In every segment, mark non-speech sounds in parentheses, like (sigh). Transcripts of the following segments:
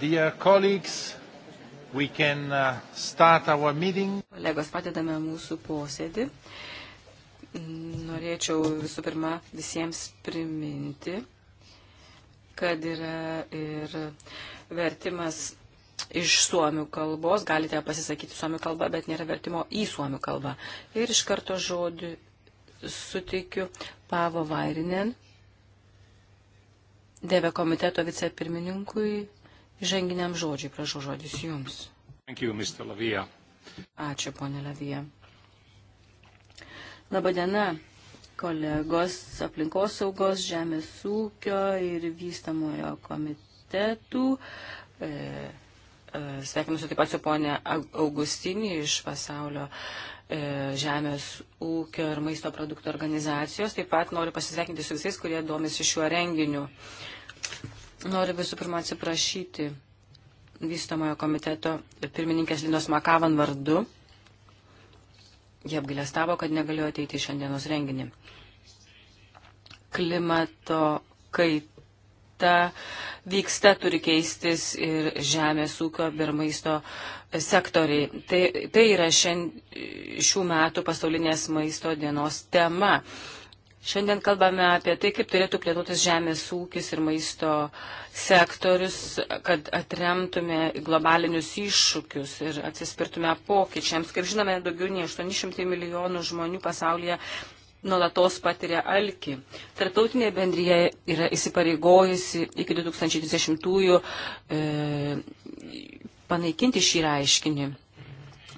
Dear colleagues, we can uh, start our meeting. Kolegos, padedame mūsų posėdį. Norėčiau visų pirma visiems priminti, kad yra ir vertimas iš suomių kalbos. Galite pasisakyti suomių kalbą, bet nėra vertimo į suomių kalbą. Ir iš karto žodį sutikiu Pavo Vairinen, Deve komiteto vicepirmininkui Ženginiam žodžiai, prašau žodis jums. Thank you, Mr. Lavija. Ačiū, ponė Lavija. Labadiena, kolegos aplinkosaugos, žemės ūkio ir vystamojo komitetų. E, e Sveikinusiu taip pat su ponė Augustinį iš pasaulio e, žemės ūkio ir maisto produktų organizacijos. Taip pat noriu pasisveikinti su visais, kurie domisi šiuo renginiu. Noriu visų pirma atsiprašyti vystamojo komiteto pirmininkės Linos Makavan vardu. Jie apgailestavo, kad negalėjo ateiti į šiandienos renginį. Klimato kaita vyksta, turi keistis ir žemės ūkio ir maisto sektoriai. Tai, tai yra šiand, šių metų pasaulinės maisto dienos tema. Uh, Šiandien kalbame apie tai, kaip turėtų plėtotis žemės ūkis ir maisto sektorius, kad atremtume globalinius iššūkius ir atsispirtume pokyčiams. Kaip žinome, daugiau nei 800 milijonų žmonių pasaulyje nuolatos patiria alkį. Tartautinė bendryje yra įsipareigojusi iki 2030-ųjų e, panaikinti šį reiškinį.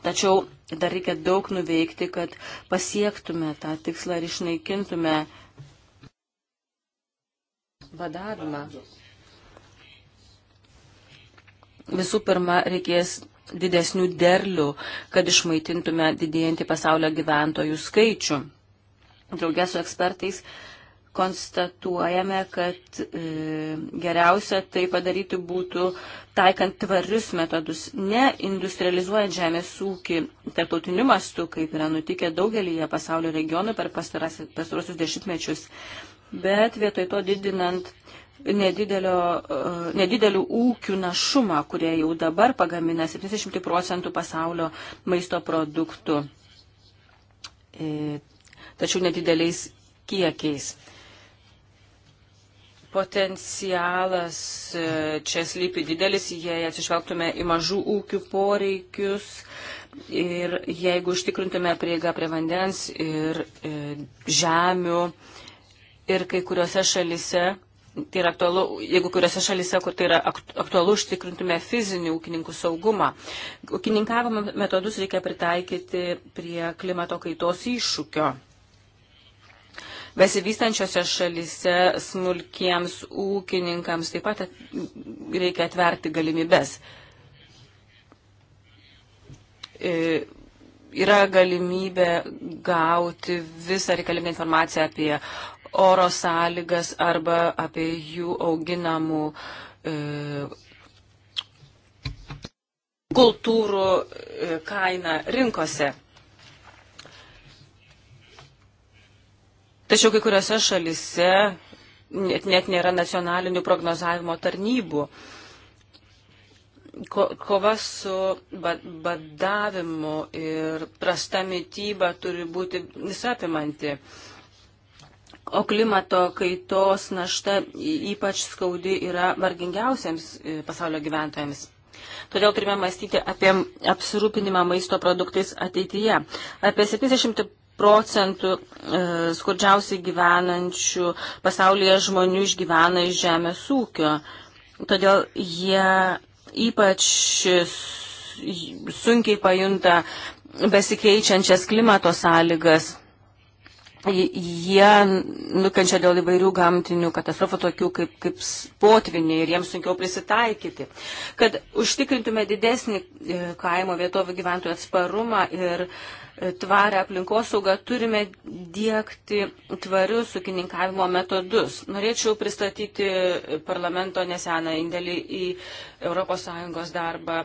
Tačiau dar reikia daug nuveikti, kad pasiektume tą tikslą ir išnaikintume badavimą. Visų pirma, reikės didesnių derlių, kad išmaitintume didėjantį pasaulio gyventojų skaičių. Draugė su ekspertais uh, konstatuojame, kad e, geriausia tai padaryti būtų taikant tvarius metodus, ne industrializuojant žemės ūkį tarptautiniu mastu, kaip yra nutikę daugelįje pasaulio regionų per pastarosius dešimtmečius, bet vietoj to didinant nedidelio, e, nedidelių ūkių našumą, kurie jau dabar pagamina 70 procentų pasaulio maisto produktų, e, tačiau nedideliais kiekiais potencialas e, čia slypi didelis, jei atsižvelgtume į mažų ūkių poreikius ir jeigu užtikrintume prieigą prie vandens ir e, žemių ir kai kuriuose šalise. Tai yra aktualu, jeigu kuriuose šalise, kur tai yra aktualu, užtikrintume fizinį ūkininkų saugumą. Ūkininkavimo metodus reikia pritaikyti prie klimato kaitos iššūkio besivystančiose šalise smulkiems ūkininkams taip pat reikia atverti galimybės. E, yra galimybė gauti visą reikalingą informaciją apie oro sąlygas arba apie jų auginamų e, kultūrų e, kainą rinkose. Tačiau kai kuriuose šalise net, net nėra nacionalinių prognozavimo tarnybų. Ko, kova su badavimu ir prasta mytyba turi būti visapimanti. O klimato kaitos našta ypač skaudi yra vargingiausiams e, pasaulio gyventojams. Todėl turime mąstyti apie apsirūpinimą maisto produktais ateityje. Apie 70 procentų e, skurdžiausiai gyvenančių pasaulyje žmonių išgyvena iš žemės ūkio. Todėl jie ypač sunkiai pajunta besikeičiančias klimato sąlygas. Jie nukenčia dėl įvairių gamtinių katastrofų, tokių kaip, kaip potviniai, ir jiems sunkiau prisitaikyti. Kad užtikrintume didesnį e, kaimo vietovių gyventojų atsparumą ir uh, tvarę aplinkosaugą, turime dėkti tvarius ūkininkavimo metodus. Norėčiau pristatyti parlamento neseną indėlį į ES darbą e,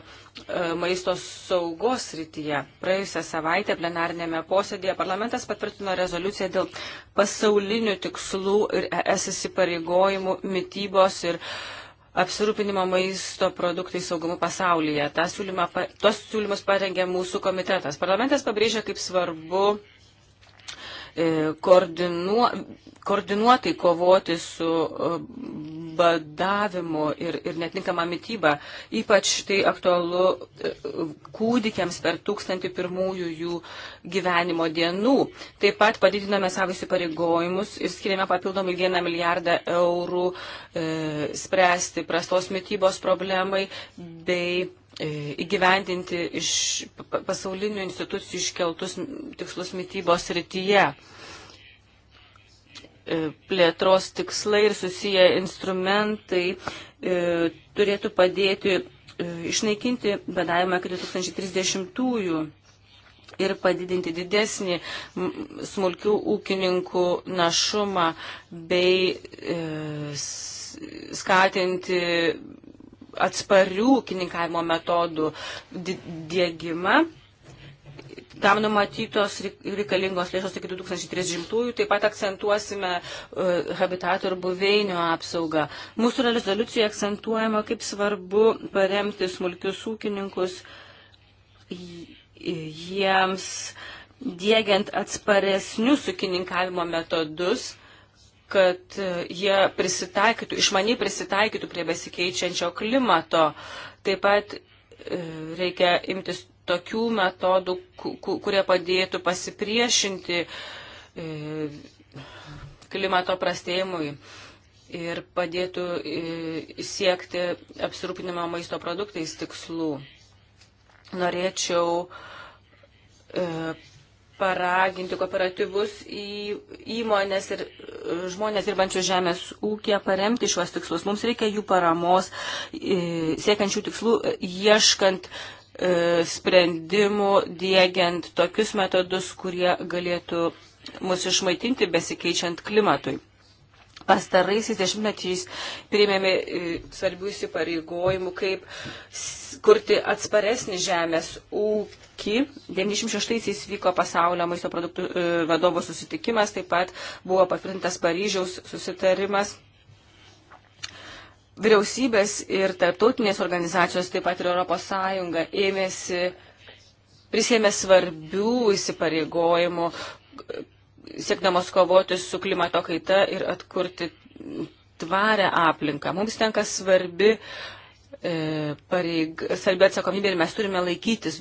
maisto saugos srityje. Praėjusią savaitę plenarnėme posėdėje parlamentas patvirtino rezoliuciją dėl pasaulinių tikslų ir ES įsipareigojimų mytybos ir uh, apsirūpinimo maisto produktai saugumu pasaulyje. Ta siūlyma, tos siūlymus parengė mūsų komitetas. Parlamentas pabrėžia, kaip svarbu E, koordinu, koordinuotai kovoti su e, badavimu ir, ir netinkama mytyba. Ypač tai aktualu e, kūdikiams per tūkstantį pirmųjų jų gyvenimo dienų. Taip pat padidiname savo įsipareigojimus ir skiriame papildomai vieną milijardą eurų e, spręsti prastos mytybos problemai bei E, įgyvendinti iš pasaulinių institucijų iškeltus tikslus mytybos rytyje. E, plėtros tikslai ir susiję instrumentai e, turėtų padėti išnaikinti badavimą iki 2030-ųjų ir padidinti didesnį smulkių ūkininkų našumą bei skatinti atsparių ūkininkavimo metodų dėgymą. Tam numatytos reikalingos lėšos iki 2030-ųjų, taip pat akcentuosime e, habitatų ir buveinių apsaugą. Mūsų rezoliucijoje akcentuojama, kaip svarbu paremti smulkius ūkininkus jiems dėgiant atsparesnius ūkininkavimo metodus kad e, jie prisitaikytų, išmaniai prisitaikytų prie besikeičiančio klimato. Taip pat e, reikia imtis tokių metodų, kurie padėtų pasipriešinti e, klimato prastėjimui ir padėtų siekti apsirūpinimo maisto produktais tikslų. Norėčiau paraginti kooperatyvus į įmonės ir e, žmonės dirbančius žemės ūkė paremti šiuos tikslus. Mums reikia jų paramos e, siekiančių tikslų, e, ieškant sprendimų, dėgiant tokius metodus, kurie galėtų mus išmaitinti besikeičiant klimatui. Pastaraisiais dešimtmečiais priėmėme svarbių įsipareigojimų, kaip kurti atsparesnį žemės ūkį Ki. 96-aisiais vyko pasaulio maisto produktų e, vadovo susitikimas, taip pat buvo patvirtintas Paryžiaus susitarimas. Vyriausybės ir tarptautinės organizacijos, taip pat ir ES ėmėsi, prisėmė svarbių įsipareigojimų, siekdamos kovoti su klimato kaita ir atkurti tvarę aplinką. Mums tenka svarbi uh, E, pareig, svarbi atsakomybė ir mes turime laikytis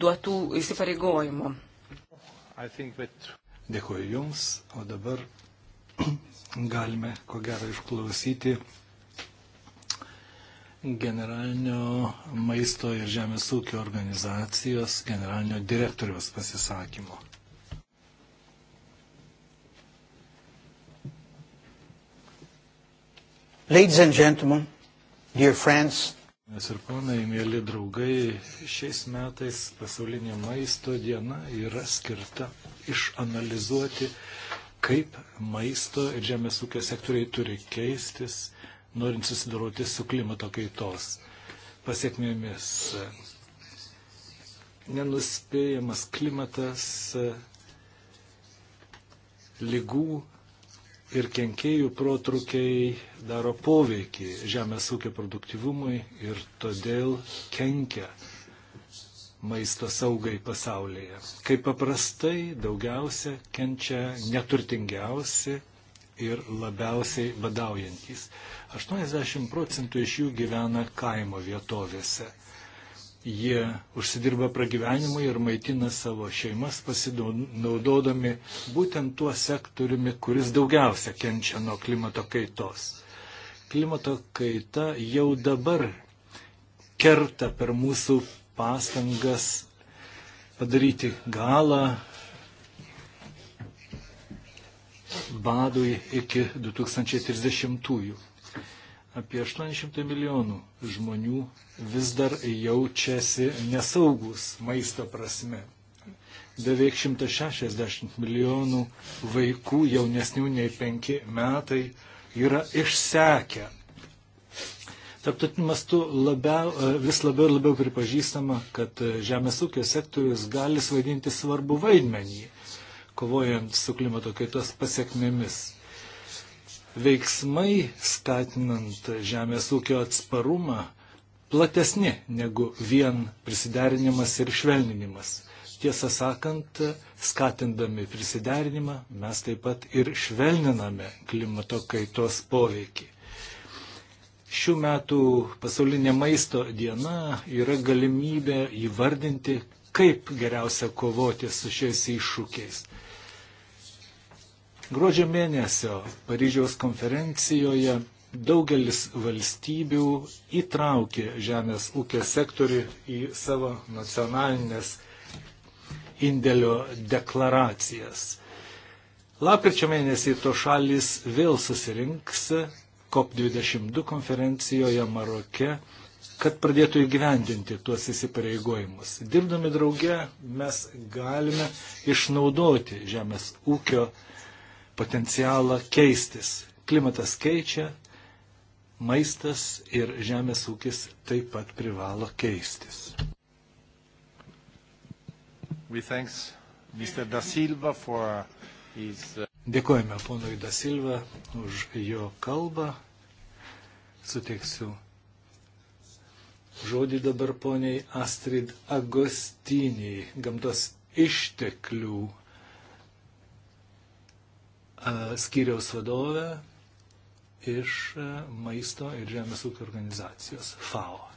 duotų įsipareigojimų. That... Dėkuoju Jums, o dabar (clears throat) galime ko gero išklausyti generalinio maisto ir žemės ūkio organizacijos generalinio direktoriaus pasisakymo. Ladies and gentlemen, Dear friends, Mes ir ponai, mėly draugai, šiais metais pasaulinė maisto diena yra skirta išanalizuoti, kaip maisto ir žemės ūkio sektoriai turi keistis, norint susidoroti su klimato kaitos pasiekmėmis. Nenuspėjamas klimatas, lygų ir kenkėjų protrukiai daro poveikį žemės ūkio produktivumui ir todėl kenkia maisto saugai pasaulyje. Kaip paprastai daugiausia kenčia neturtingiausi ir labiausiai badaujantys. 80 procentų iš jų gyvena kaimo vietovėse. Jie užsidirba pragyvenimui ir maitina savo šeimas pasinaudodami būtent tuo sektoriumi, kuris daugiausia kenčia nuo klimato kaitos. Klimato kaita jau dabar kerta per mūsų pastangas padaryti galą badui iki 2030-ųjų. Apie 800 milijonų žmonių vis dar jaučiasi nesaugus maisto prasme. Beveik 160 milijonų vaikų jaunesnių nei 5 metai yra išsekę. Tarptautiniu mastu labiau, vis labiau ir labiau pripažįstama, kad žemės ūkio sektorius gali svaidinti svarbu vaidmenį, kovojant su klimato kaitos pasiekmėmis veiksmai skatinant žemės ūkio atsparumą platesni negu vien prisiderinimas ir švelninimas. Tiesą sakant, skatindami prisiderinimą mes taip pat ir švelniname klimato kaitos poveikį. Šių metų pasaulinė maisto diena yra galimybė įvardinti, kaip geriausia kovoti su šiais iššūkiais. Gruodžio mėnesio Paryžiaus konferencijoje daugelis valstybių įtraukė žemės ūkio sektorių į savo nacionalinės indėlio deklaracijas. Lapkričio mėnesį to šalis vėl susirinks COP22 konferencijoje Maroke, kad pradėtų įgyvendinti tuos įsipareigojimus. Dirbdami drauge mes galime išnaudoti žemės ūkio sektorių potencialą keistis. Klimatas keičia, maistas ir žemės ūkis taip pat privalo keistis. His... Uh, Dėkojame ponui Dasilva už jo kalbą. Suteiksiu žodį dabar poniai Astrid Agostiniai, gamtos išteklių skyriaus vadovę iš maisto ir žemės ūkio organizacijos FAO.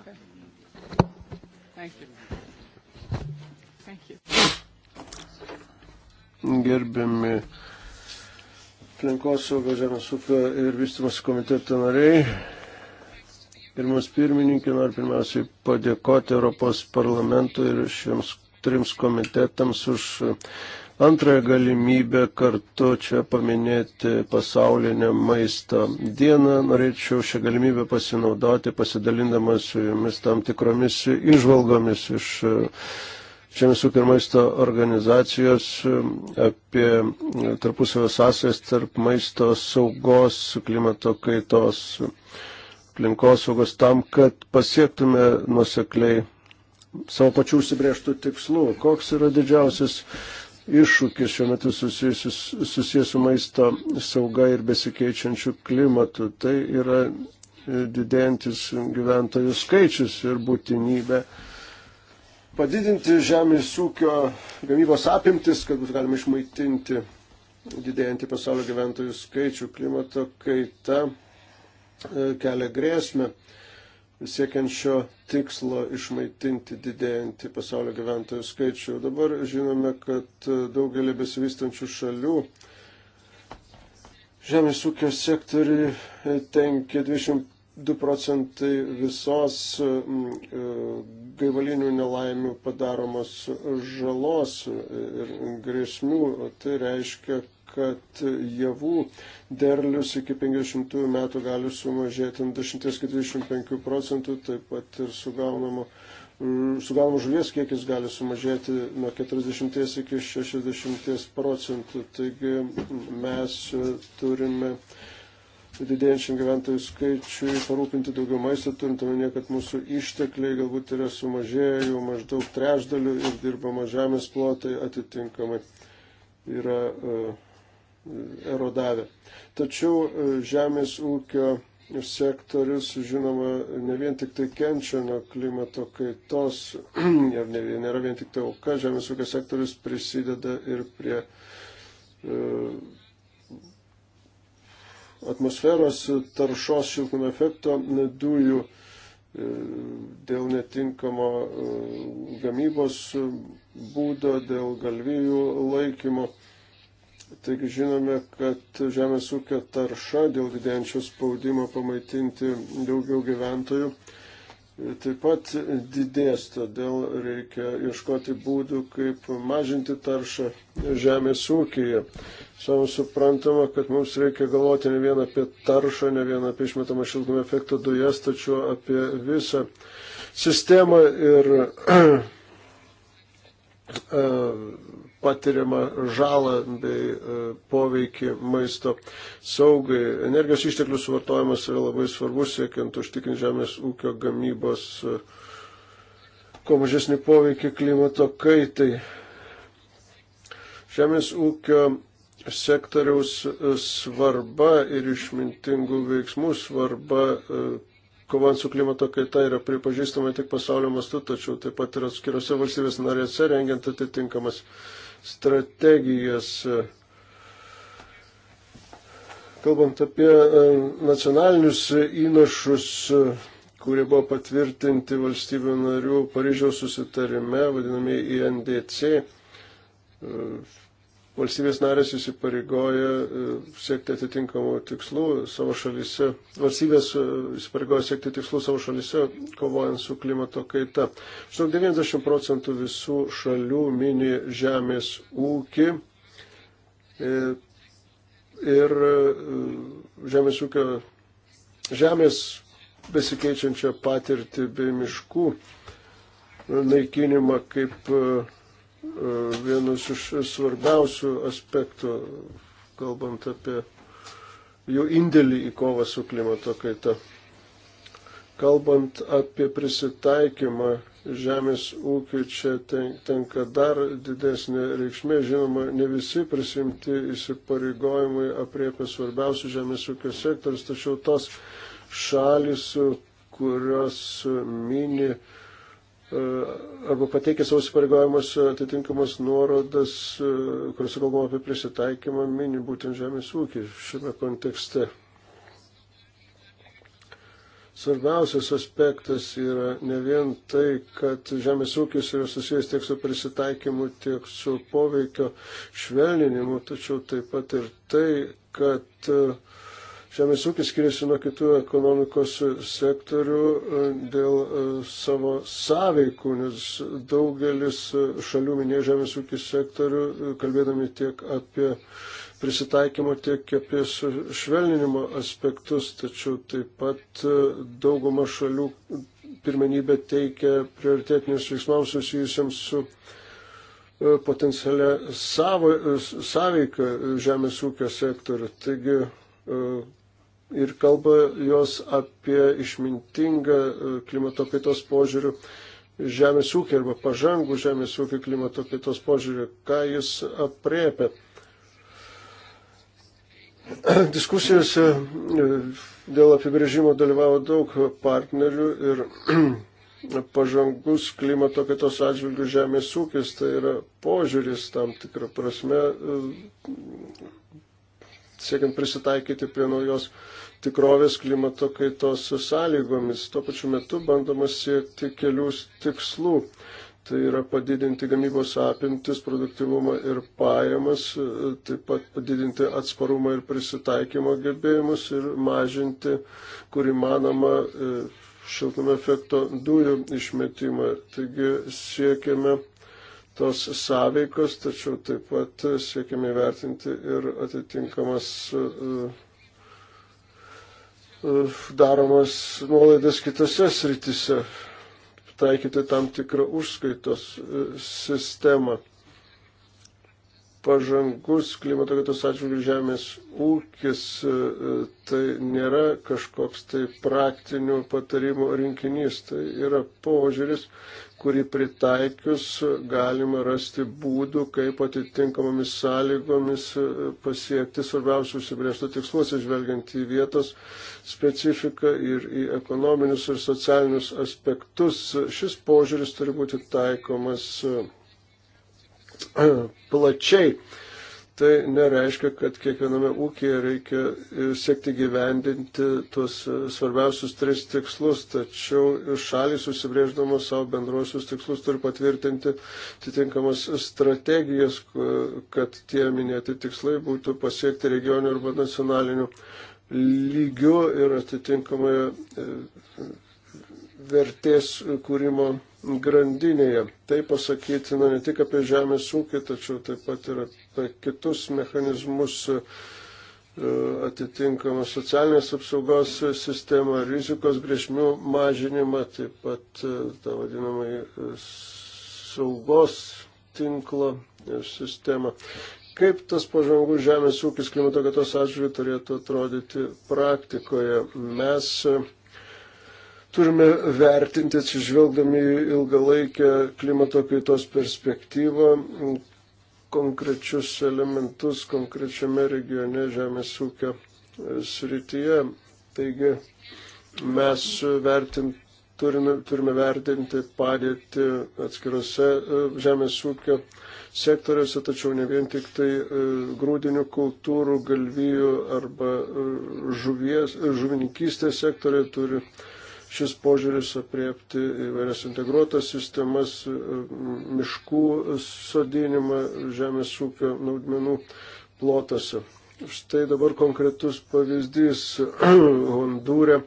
Okay. Thank you. Thank you. Gerbiami aplinkosaugos žemės ūkio ir vystimas komiteto nariai, Ir mums pirmininkė noriu pirmiausiai padėkoti Europos parlamentui ir šiems trims komitetams už antrąją galimybę kartu čia paminėti pasaulinę maisto dieną. Norėčiau šią galimybę pasinaudoti, pasidalindamas su jumis tam tikromis išvalgomis iš e, Žemės ūkio ir maisto organizacijos e, apie tarpusavio sąsajas tarp maisto saugos, klimato kaitos aplinkosaugos tam, kad pasiektume nusekliai savo pačių užsibrieštų tikslų. Koks yra didžiausias iššūkis šiuo metu susijęs su maisto sauga ir besikeičiančiu klimatu? Tai yra didėjantis gyventojų skaičius ir būtinybė padidinti žemės ūkio gamybos apimtis, kad būtų galima išmaitinti didėjantį pasaulio gyventojų skaičių klimato kaita. E, kelia grėsmę siekiant šio tikslo išmaitinti didėjantį pasaulio gyventojų skaičių. Dabar žinome, kad e, daugelį besivystančių šalių žemės ūkio sektoriui e, tenkia 22 procentai visos gaivalinių nelaimių padaromos žalos ir grėsmių. Tai reiškia, kad javų derlius iki 50 metų gali sumažėti 10-25 procentų, taip pat ir sugaunamo, sugaunamo žuvies kiekis gali sumažėti nuo 40 iki 60 procentų. Taigi mes turime didėjančiam gyventojų skaičiui parūpinti daugiau maisto, turint omenyje, kad mūsų ištekliai galbūt yra sumažėję jau maždaug trešdaliu ir dirbama žemės plotai atitinkamai yra uh, erodavę. Tačiau e, žemės ūkio sektorius, žinoma, ne vien tik tai kenčia nuo klimato kaitos, (clears throat) ir nėra vien tik tai auka, žemės ūkio sektorius prisideda ir prie e, atmosferos taršos šiltnamio efekto dujų e, dėl netinkamo gamybos būdo, dėl galvijų laikymo. Taigi žinome, kad žemės ūkio tarša dėl didėjančio spaudimo pamaitinti daugiau gyventojų taip pat didės, todėl reikia ieškoti būdų, kaip mažinti taršą žemės ūkyje. Savo suprantama, kad mums reikia galvoti ne vien apie taršą, ne vien apie išmetamą šiltnamio efektą dujas, tačiau apie visą sistemą ir (clears throat) e, patiriamą žalą bei e, poveikį maisto saugai. Energijos išteklių suvartojimas yra labai svarbus, siekiant užtikrinti žemės ūkio gamybos e, kuo mažesnį poveikį klimato kaitai. Žemės ūkio sektoriaus e, svarba ir išmintingų veiksmų svarba kovant su klimato kaita yra pripažįstama tik pasaulio mastu, tačiau taip pat ir atskirose valstybės narėse rengiant atitinkamas strategijas. Kalbant apie e, nacionalinius įnašus, kurie buvo patvirtinti valstybių narių Paryžiaus susitarime, vadinami INDC, e e, valstybės narės įsipareigoja e, siekti atitinkamų tikslų savo šalyse, valstybės e, įsipareigoja siekti tikslų savo šalyse, kovojant su klimato kaita. Žinau, 90 procentų visų šalių mini žemės ūkį e, ir žemės ūkio, žemės besikeičiančią patirtį bei miškų naikinimą kaip vienas iš svarbiausių aspektų, kalbant apie jų indėlį į kovą su klimato kaita. Kalbant apie prisitaikymą žemės ūkiui, čia tenka dar didesnė reikšmė. Žinoma, ne visi prisimti įsipareigojimai apriepia svarbiausių žemės ūkio sektorius, tačiau tos šalis, kurios mini uh, E, arba pateikė savo įsipareigojimus e, atitinkamas nuorodas, e, kuriuose kalbama apie prisitaikymą, mini būtent žemės ūkį šiame kontekste. Svarbiausias aspektas yra ne vien tai, kad žemės ūkis yra susijęs tiek su prisitaikymu, tiek su poveikio švelninimu, tačiau taip pat ir tai, kad uh, Žemės ūkis skiriasi nuo kitų ekonomikos sektorių e, dėl e, savo sąveikų, nes daugelis e, šalių minėjo žemės ūkis sektorių, kalbėdami tiek apie prisitaikymo, tiek apie švelninimo aspektus, tačiau taip pat dauguma šalių pirmenybę teikia prioritetinius veiksmams susijusiams su potencialia savo, sąveiką žemės ūkio sektoriu. Taigi ir kalba jos apie išmintingą e, klimato kaitos požiūrių žemės ūkį arba pažangų žemės ūkį klimato kaitos požiūrį, ką jis apriepia. (clears throat) Diskusijose e, dėl apibrėžimo dalyvavo daug partnerių ir (clears throat) pažangus klimato kaitos atžvilgių žemės ūkis, tai yra požiūris tam tikrą prasme e, siekiant prisitaikyti prie naujos tikrovės klimato kaitos sąlygomis. Tuo pačiu metu bandoma siekti kelių tikslų. Tai yra padidinti gamybos apimtis, produktivumą ir pajamas, taip pat padidinti atsparumą ir prisitaikymo gebėjimus ir mažinti, kur įmanoma, šiltnamio efekto dujų išmetimą. Taigi siekiame tos sąveikos, tačiau taip pat siekiame įvertinti ir atitinkamas e, e, daromas nuolaidas kitose sritise, taikyti tam tikrą užskaitos e, sistemą. Pažangus klimato kaitos atžvilgių žemės ūkis tai nėra kažkoks tai praktinių patarimų rinkinys, tai yra požiūris, kurį pritaikius galima rasti būdų, kaip atitinkamomis sąlygomis e, pasiekti svarbiausių užsibrėžtų tikslų, atsižvelgiant į vietos specifiką ir į ekonominius ir socialinius aspektus. Šis požiūris turi būti taikomas e, plačiai tai nereiškia, kad kiekviename ūkėje reikia e, siekti gyvendinti tuos e, svarbiausius tris tikslus, tačiau šalis susibrėždamos savo bendruosius tikslus turi patvirtinti atitinkamas strategijas, kad tie minėti tikslai būtų pasiekti regionių arba nacionalinių lygių ir atitinkamai e, vertės kūrimo grandinėje. Tai pasakytina ne tik apie žemės ūkį, tačiau taip pat ir kitus mechanizmus e, atitinkamą socialinės apsaugos sistemą, rizikos grėsmių mažinimą, taip pat e, tą vadinamąjį e, saugos tinklo sistemą. Kaip tas pažangus žemės ūkis klimato kaitos atžvilgiu turėtų atrodyti praktikoje? Mes turime vertinti atsižvelgdami ilgalaikę klimato kaitos perspektyvą, konkrečius elementus konkrečiame regione žemės ūkio e, srityje. Taigi mes vertint, turime, turime vertinti padėti atskirose e, žemės ūkio sektoriuose, tačiau ne vien tik tai e, grūdinių kultūrų, galvijų arba žuvies, žuvininkystės sektoriai turi šis požiūris apriepti įvairias integruotas sistemas, e, miškų sodinimą, žemės ūkio naudmenų plotose. Štai dabar konkretus pavyzdys (clears throat) Hondūre.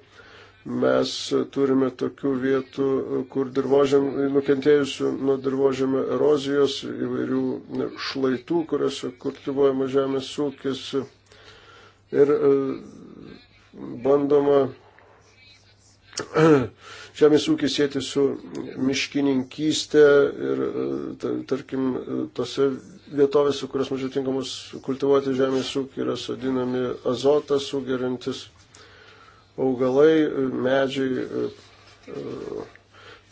Mes turime tokių vietų, kur dirbožėm, nukentėjusių nuo dirbožėmio erozijos, įvairių šlaitų, kuriuose kultivuojama žemės ūkis ir e, bandoma (clears throat) žemės ūkis sėti su miškininkystė ir, e, tarkim, e, tose vietovėse, kurios mažiau tinkamos kultivuoti žemės ūkį, yra sodinami azotą sugerintis augalai, e, medžiai,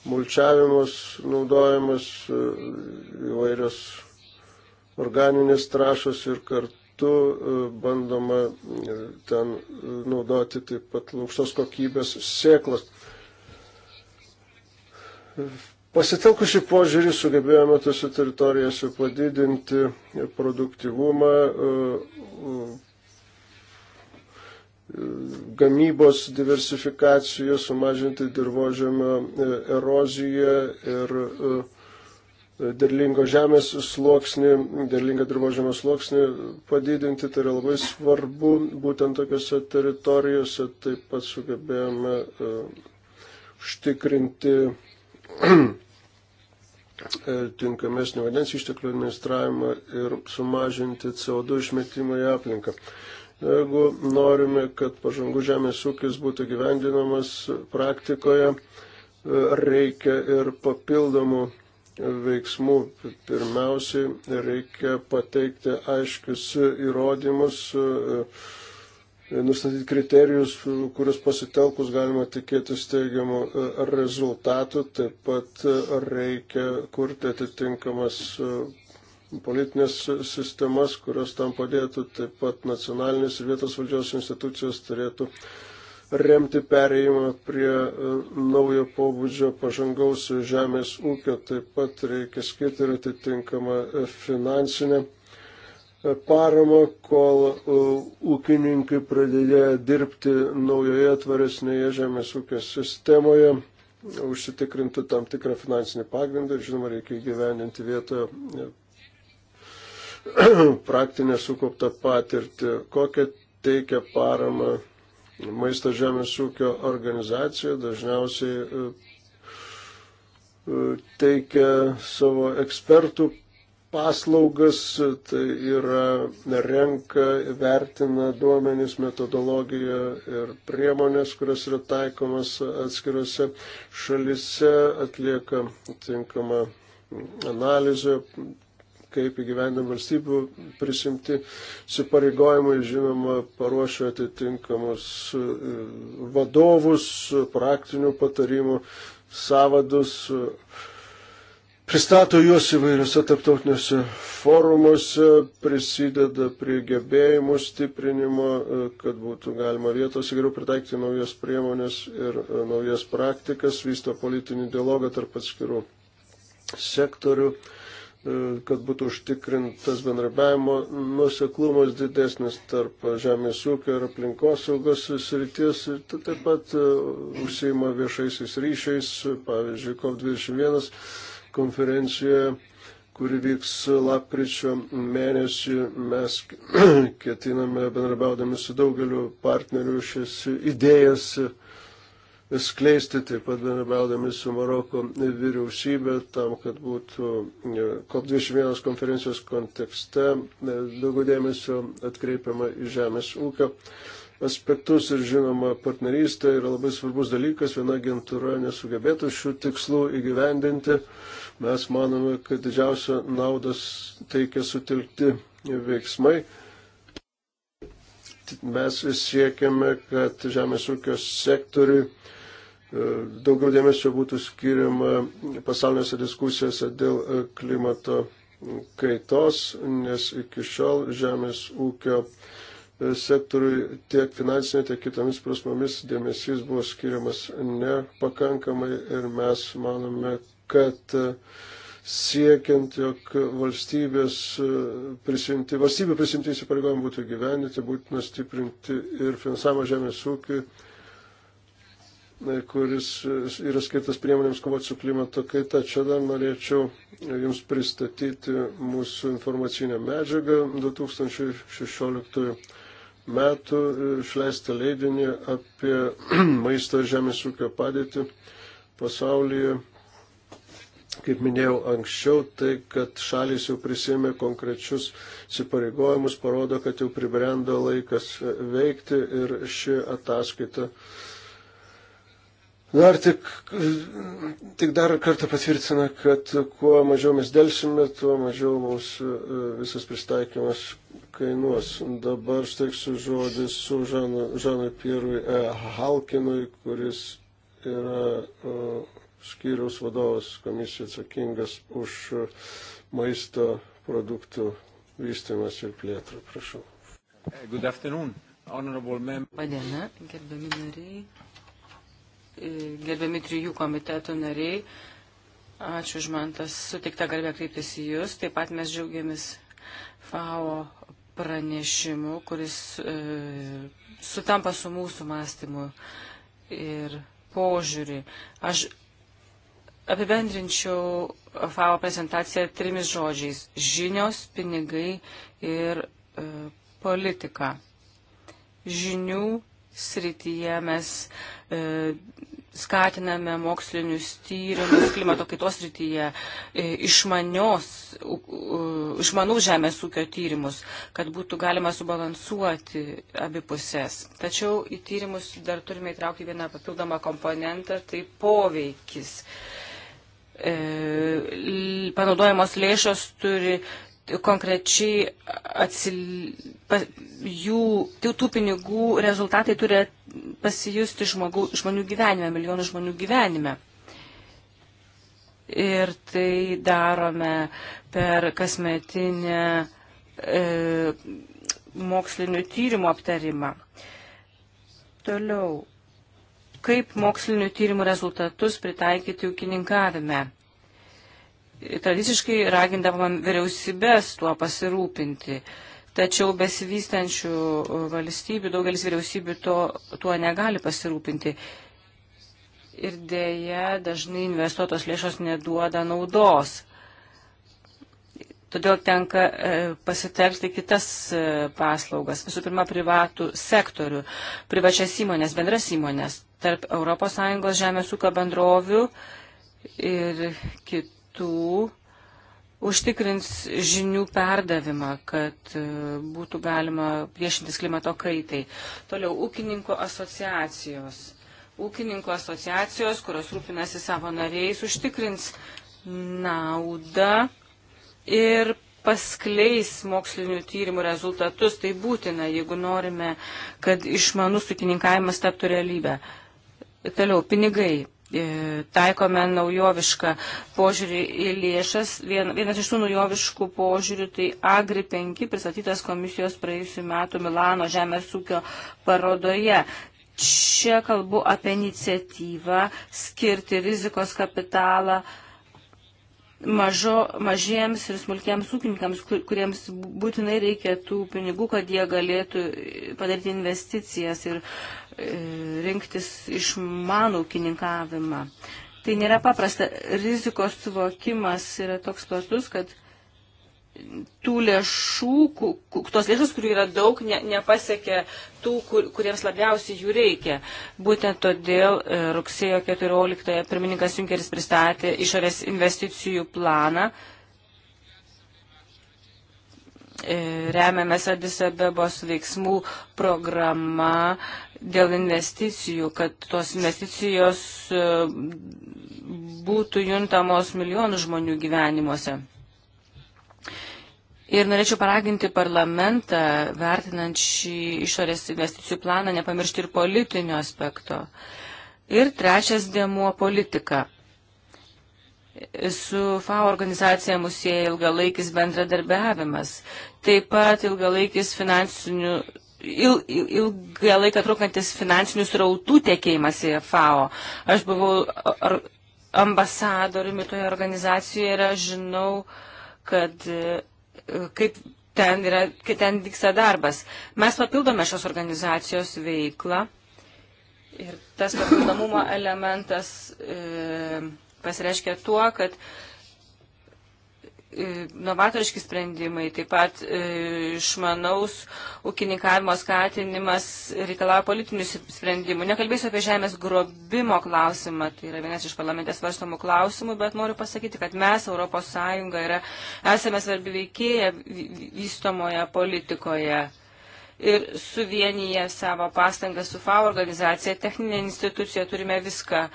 mulčiavimas naudojamas, įvairios organinės trašos ir kartu metu e, bandoma e, ten e, naudoti taip pat aukštos kokybės sėklas. Pasitelkus šį požiūrį sugebėjome tose teritorijose padidinti produktivumą, gamybos diversifikaciją, sumažinti dirbožėmio eroziją ir uh, derlingo žemės sluoksnį, derlingą dirbožėmio sluoksnį padidinti, tai yra labai svarbu, būtent tokiuose teritorijose taip pat sugebėjome e, užtikrinti (clears throat) e, tinkamesnį vandens išteklių administravimą ir sumažinti CO2 išmetimą į aplinką. Jeigu norime, kad pažangų žemės ūkis būtų gyvendinamas praktikoje, e, reikia ir papildomų veiksmų. Pirmiausiai reikia pateikti aiškius įrodymus, e, nustatyti kriterijus, kurios pasitelkus galima tikėtis teigiamų e, rezultatų. Taip pat e, reikia kurti atitinkamas politinės sistemas, kurios tam padėtų, taip pat nacionalinės ir vietos valdžios institucijos turėtų uh, remti perėjimą prie e, naujo pobūdžio pažangaus žemės ūkio. Taip pat reikia skirti ir atitinkamą e, finansinę e, paramą, kol ūkininkai pradėjo dirbti naujoje tvaresnėje žemės ūkio sistemoje, užsitikrinti tam tikrą finansinį pagrindą ir žinoma reikia įgyveninti vietoje (clears throat) praktinę sukauptą patirtį, kokią teikia paramą maisto žemės ūkio organizacija dažniausiai e, e, teikia savo ekspertų paslaugas, tai yra renka, vertina duomenys, metodologiją ir priemonės, kurios yra taikomas atskirose šalise, atlieka tinkamą analizę, kaip įgyvendam valstybių prisimti sipareigojimai, žinoma, paruošiu atitinkamus e, vadovus, praktinių patarimų, savadus, e, pristato juos įvairiose tarptautiniuose forumuose, prisideda prie gebėjimų stiprinimo, e, kad būtų galima vietose geriau pritaikyti naujas priemonės ir naujas praktikas, vysto politinį dialogą tarp atskirų sektorių. E, kad būtų užtikrintas bendrabiavimo nuseklumas didesnis tarp žemės ūkio ir aplinkosaugos srities. Tai taip pat e, užsima viešaisiais ryšiais, pavyzdžiui, COP21 konferencijoje, kuri vyks lapkričio mėnesį. Mes (clears throat) ketiname bendrabiaudami su daugeliu partnerių šias idėjas skleisti, taip pat bendrabiaudami su Maroko vyriausybė, tam, kad būtų COP21 e, konferencijos kontekste e, daugiau dėmesio atkreipiama į žemės ūkio aspektus ir žinoma partnerystė yra labai svarbus dalykas, viena agentūra nesugebėtų šių tikslų įgyvendinti. Mes manome, kad didžiausia naudas teikia sutilkti veiksmai mes siekiame, kad žemės ūkio sektoriui E, daugiau dėmesio būtų skiriama pasaulinėse diskusijose dėl e, klimato kaitos, nes iki šiol žemės ūkio e, sektoriui tiek finansinė, tiek kitomis prasmomis dėmesys buvo skiriamas nepakankamai ir mes manome, kad siekiant, jog valstybės prisimti, valstybė prisimti įsipareigojimą būtų gyveninti, būtina stiprinti ir finansavimą žemės ūkiui E, kuris e, yra skirtas priemonėms kovoti su klimato kaita. Čia dar norėčiau Jums pristatyti mūsų informacinę medžiagą 2016 metų e, išleistą leidinį apie (clears throat) maisto ir žemės ūkio padėtį pasaulyje. Kaip minėjau anksčiau, tai, kad šalis jau prisėmė konkrečius įsipareigojimus, parodo, kad jau pribrendo laikas veikti ir ši ataskaita uh, Dar tik, tik dar kartą patvirtina, kad kuo mažiau mes dėlsime, tuo mažiau mums e, visas pristaikymas kainuos. Dabar steiksiu žodį su Žanu, Žanui Pierui e. Halkinui, kuris yra uh, skyriaus vadovas komisija atsakingas už maisto produktų vystymas ir plėtrą. Prašau. Good afternoon, honorable member. Padiena, gerbiami nariai gerbiami trijų komitetų nariai. Ačiū už man tas sutikta garbė kreiptis į Jūs. Taip pat mes džiaugiamės FAO pranešimu, kuris e, sutampa su mūsų mąstymu ir požiūrį. Aš apibendrinčiau FAO prezentaciją trimis žodžiais - žinios, pinigai ir e, politika. Žinių srityje mes e, skatiname mokslinius tyrimus klimato kaitos srityje, e, išmanios, u, u, išmanų žemės ūkio tyrimus, kad būtų galima subalansuoti abipusės. Tačiau į tyrimus dar turime įtraukti vieną papildomą komponentą, tai poveikis. E, panaudojamos lėšos turi konkrečiai atsil... pa... jų, tų pinigų rezultatai turi pasijusti žmogų, žmonių gyvenime, milijonų žmonių gyvenime. Ir tai darome per kasmetinę e, mokslinių tyrimų aptarimą. Toliau, kaip mokslinių tyrimų rezultatus pritaikyti ūkininkavime? tradiciškai ragindavom vyriausybės tuo pasirūpinti. Tačiau besivystančių e, valstybių, daugelis vyriausybių to, tuo negali pasirūpinti. Ir dėja, dažnai investuotos lėšos neduoda naudos. Todėl tenka e, pasitelkti kitas e, paslaugas. Visų pirma, privatų sektorių, privačias įmonės, bendras įmonės tarp ES žemės ūkio bendrovių ir kitų metu užtikrins žinių perdavimą, kad e, būtų galima priešintis klimato kaitai. Toliau ūkininko asociacijos. Ūkininko asociacijos, kurios rūpinasi savo nariais, užtikrins naudą ir paskleis mokslinių tyrimų rezultatus. Tai būtina, jeigu norime, kad išmanus ūkininkavimas taptų realybę. Toliau, pinigai. E, taikome naujovišką požiūrį į lėšas. Vien, vienas iš tų naujoviškų požiūrių tai Agri 5 pristatytas komisijos praėjusiu metu Milano žemės ūkio parodoje. Čia kalbu apie iniciatyvą skirti rizikos kapitalą mažo, mažiems ir smulkiems ūkininkams, kur, kuriems būtinai reikia tų pinigų, kad jie galėtų padaryti investicijas ir uh, E, rinktis išmanų ūkininkavimą. Tai nėra paprasta. Rizikos suvokimas yra toks platus, kad tų lėšų, tos lėšos, kurių yra daug, ne, nepasiekia tų, kur, kuriems labiausiai jų reikia. Būtent todėl e, rugsėjo 14-ąją pirmininkas Junkeris pristatė išorės investicijų planą. E, remiamės Adisabebos veiksmų programa dėl investicijų, kad tos investicijos e, būtų juntamos milijonų žmonių gyvenimuose. Ir norėčiau paraginti parlamentą, vertinant šį išorės investicijų planą, nepamiršti ir politinio aspekto. Ir trečias dėmuo - politika. Su FAO organizacija mus sieja ilgalaikis bendradarbiavimas, taip pat ilgalaikis finansinių il, il, ilgą laiką trukantis finansinių srautų tekėjimas į FAO. Aš buvau ar, ambasadoriumi toje organizacijoje ir aš žinau, kad e, kaip ten, yra, kaip ten vyksta darbas. Mes papildome šios organizacijos veiklą ir tas papildomumo elementas e, pasireiškia tuo, kad e, E, novatoriški sprendimai, taip pat e, išmanaus ūkininkavimo skatinimas reikalavo politinių sprendimų. Nekalbėsiu apie žemės grobimo klausimą, tai yra vienas iš parlamentės varstomų klausimų, bet noriu pasakyti, kad mes, ES, yra, esame svarbi veikėja vystomoje politikoje. Ir suvienyje savo pastangą su FAO organizacija, techninė institucija, turime viską.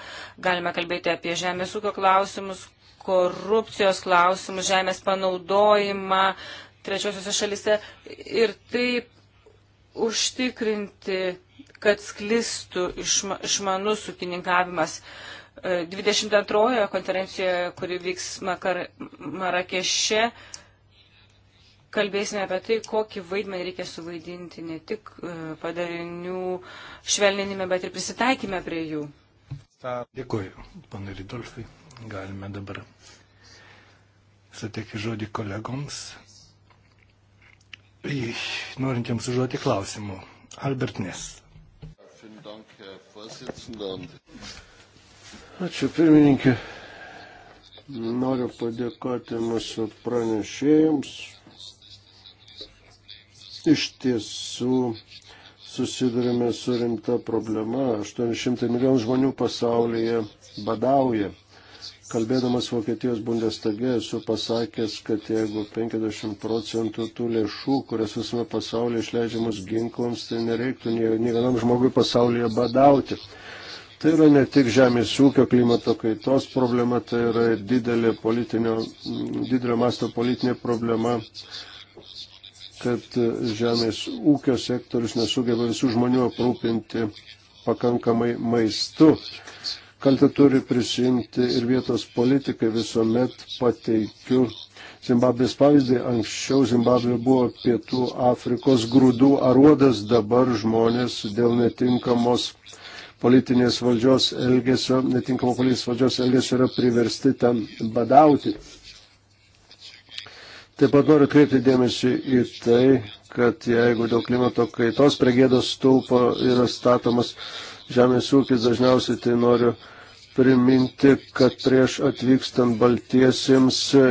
Galime kalbėti apie žemės ūkio klausimus, korupcijos klausimus, žemės panaudojimą trečiosiuose šalise ir taip užtikrinti, kad sklistų išma, išmanus ūkininkavimas. 22 e, konferencijoje, kuri vyks Makar, Marakeše, kalbėsime apie tai, kokį vaidmenį reikia suvaidinti ne tik e, padarinių švelninime, bet ir prisitaikime prie jų. Dėkuoju, panai Ridolfai. Galime dabar suteikti žodį kolegoms, norintiems užduoti klausimų. Albert Nes. Ačiū pirmininkė. Noriu padėkoti mūsų pranešėjams. Iš tiesų susidurime su rimta problema. 800 milijonų žmonių pasaulyje badauja. Kalbėdamas Vokietijos bundestage esu pasakęs, kad jeigu 50 procentų tų lėšų, kurias visame pasaulyje išleidžiamos ginklams, tai nereiktų nei vienam žmogui pasaulyje badauti. Tai yra ne tik žemės ūkio klimato kaitos problema, tai yra ir didelė didelio masto politinė problema, kad žemės ūkio sektorius nesugeba visų žmonių aprūpinti pakankamai maistu kaltę turi prisimti ir vietos politikai. Visuomet pateikiu Zimbabvės pavyzdį. Anksčiau Zimbabvė buvo pietų Afrikos grūdų aruodas, dabar žmonės dėl netinkamos politinės valdžios elgesio, netinkamo politinės valdžios elgesio yra priversti ten badauti. Taip pat noriu kreipti dėmesį į tai, kad jeigu dėl klimato kaitos prie gėdos stulpo yra statomas žemės ūkis dažniausiai tai noriu priminti, kad prieš atvykstant Baltiesiems e,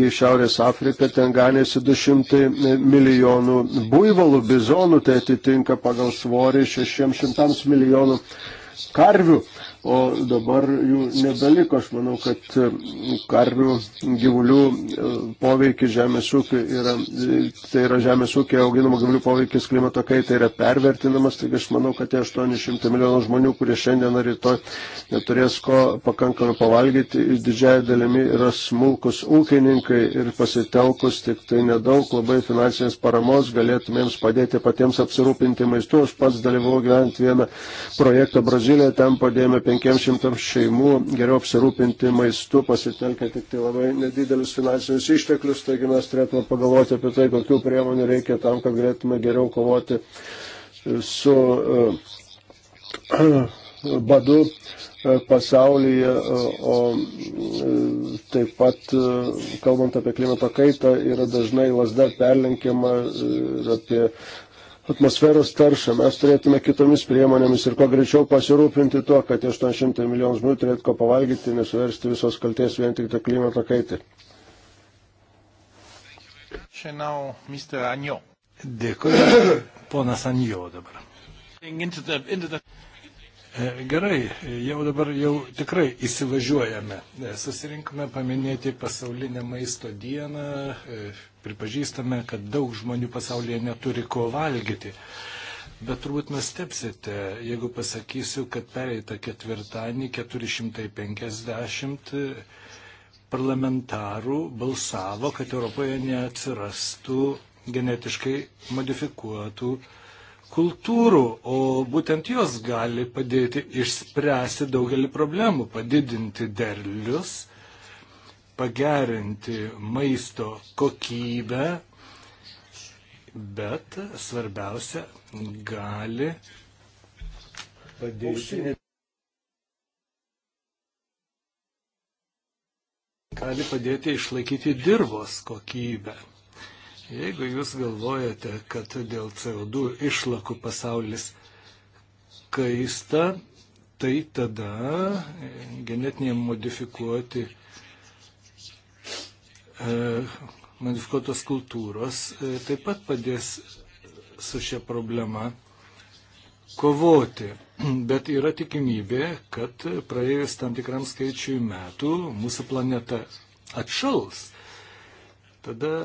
į Šiaurės Afriką ten ganėsi 200 milijonų buivalų, bizonų, tai atitinka pagal svorį 600 milijonų karvių o dabar jų nebeliko. Aš manau, kad e, karvių gyvulių e, poveikis žemės ūkiai yra, e, tai yra žemės ūkiai auginamo gyvulių poveikis klimato kaitai yra pervertinamas, taigi aš manau, kad tie 800 milijonų žmonių, kurie šiandien ar rytoj neturės ko pakankamai pavalgyti, didžiai dalimi yra smulkus ūkininkai ir pasitelkus tik tai nedaug labai finansinės paramos galėtumėms padėti patiems apsirūpinti maistu. Aš pats dalyvau gyventi vieną projektą Brazilijoje, ten padėjome 5 500 šeimų geriau apsirūpinti maistu, pasitelkia tik tai labai nedidelius finansinius išteklius, taigi mes turėtume pagalvoti apie tai, kokių priemonių reikia tam, kad galėtume geriau kovoti su e, (coughs) badu e, pasaulyje, e, o taip pat, kalbant apie klimato kaitą, yra dažnai lasda perlenkiama ir apie atmosferos taršą. Mes turėtume kitomis priemonėmis ir kuo greičiau pasirūpinti tuo, kad 800 milijonų žmonių turėtų ko pavalgyti, nesuversti visos kalties vien tik tą klimato kaitį. Dėkui, ponas Anjo dabar. E, gerai, jau dabar jau tikrai įsivažiuojame. E, susirinkome paminėti pasaulinę maisto dieną, e, pripažįstame, kad daug žmonių pasaulyje neturi ko valgyti. Bet turbūt nustepsite, jeigu pasakysiu, kad pereitą ketvirtadienį 450 parlamentarų balsavo, kad Europoje neatsirastų genetiškai modifikuotų uh, kultūrų, o būtent jos gali padėti išspręsti daugelį problemų, padidinti derlius, pagerinti maisto kokybę, bet svarbiausia, gali padėti. gali padėti išlaikyti dirbos kokybę. Jeigu jūs galvojate, kad dėl CO2 išlakų pasaulis kaista, tai tada genetiniai modifikuoti e, modifikuotos kultūros e, taip pat padės su šia problema kovoti. (clears throat) Bet yra tikimybė, kad praėjus tam tikram skaičiui metų mūsų planeta atšals. Tada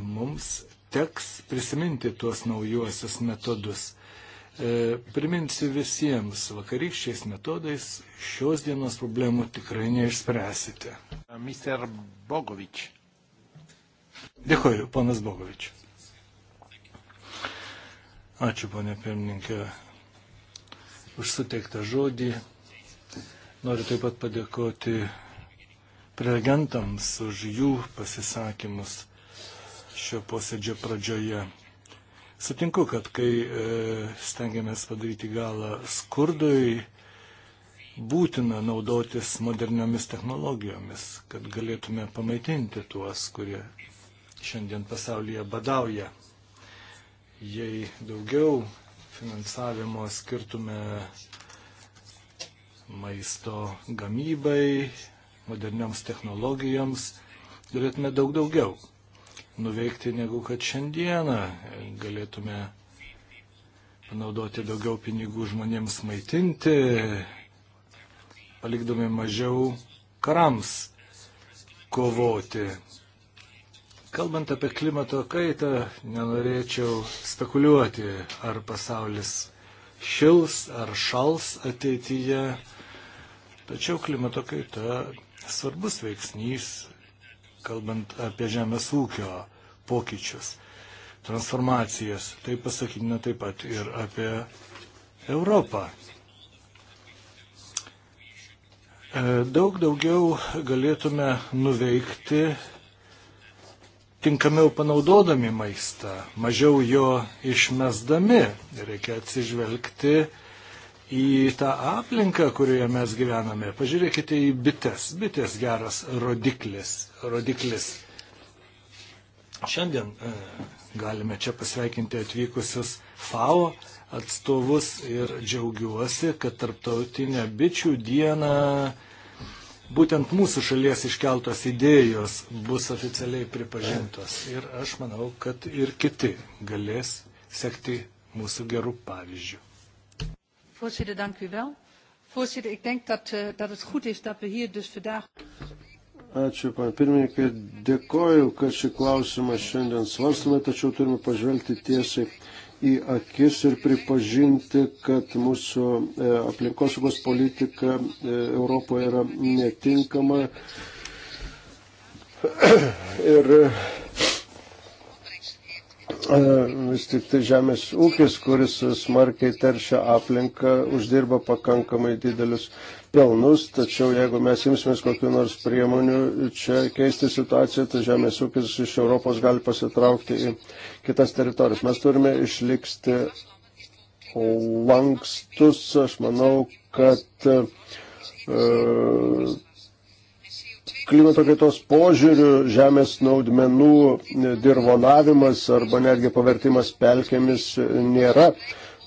mums teks prisiminti tuos naujuosius metodus. E, priminsiu visiems, vakarykščiais metodais šios dienos problemų tikrai neišspręsite. Mr. Bogovič. Dėkoju, ponas Bogovič. Ačiū, ponė pirmininkė, už suteiktą žodį. Noriu taip pat padėkoti prelegentams už jų pasisakymus šio posėdžio pradžioje. Sutinku, kad kai e, stengiamės padaryti galą skurdui, būtina naudotis moderniomis technologijomis, kad galėtume pamaitinti tuos, kurie šiandien pasaulyje badauja. Jei daugiau finansavimo skirtume maisto gamybai, modernioms technologijoms, galėtume daug daugiau nuveikti, negu kad šiandieną galėtume panaudoti daugiau pinigų žmonėms maitinti, palikdami mažiau karams kovoti. Kalbant apie klimato kaitą, nenorėčiau spekuliuoti, ar pasaulis šils ar šals ateityje. Tačiau klimato kaita svarbus veiksnys kalbant apie žemės ūkio pokyčius, transformacijas. Tai pasakytina taip pat ir apie Europą. E, daug daugiau galėtume nuveikti tinkamiau panaudodami maistą, mažiau jo išmesdami. Reikia atsižvelgti į tą aplinką, kurioje mes gyvename. Pažiūrėkite į bites. Bitės geras rodiklis. rodiklis. Šiandien e, galime čia pasveikinti atvykusius FAO atstovus ir džiaugiuosi, kad tarptautinę bičių dieną būtent mūsų šalies iškeltos idėjos bus oficialiai pripažintos. Ir aš manau, kad ir kiti galės sekti mūsų gerų pavyzdžių. Voorzitter, dank u wel. Voorzitter, ik denk dat, uh, dat het goed is dat we hier dus vandaag. Ačiū, pan pirmininkai, dėkoju, kad šį klausimą šiandien svarstame, tačiau turime pažvelgti tiesiai į akis ir pripažinti, kad mūsų e, aplinkosaugos politika e, Europoje yra netinkama. (clears throat) Ir E, vis tik tai žemės ūkis, kuris smarkiai teršia aplinką, uždirba pakankamai didelius pelnus, tačiau jeigu mes imsimės kokiu nors priemonių čia keisti situaciją, tai žemės ūkis iš Europos gali pasitraukti į kitas teritorijas. Mes turime išlikti lankstus, aš manau, kad uh, klimato kaitos požiūrių žemės naudmenų e, dirvonavimas arba netgi pavertimas pelkėmis e, nėra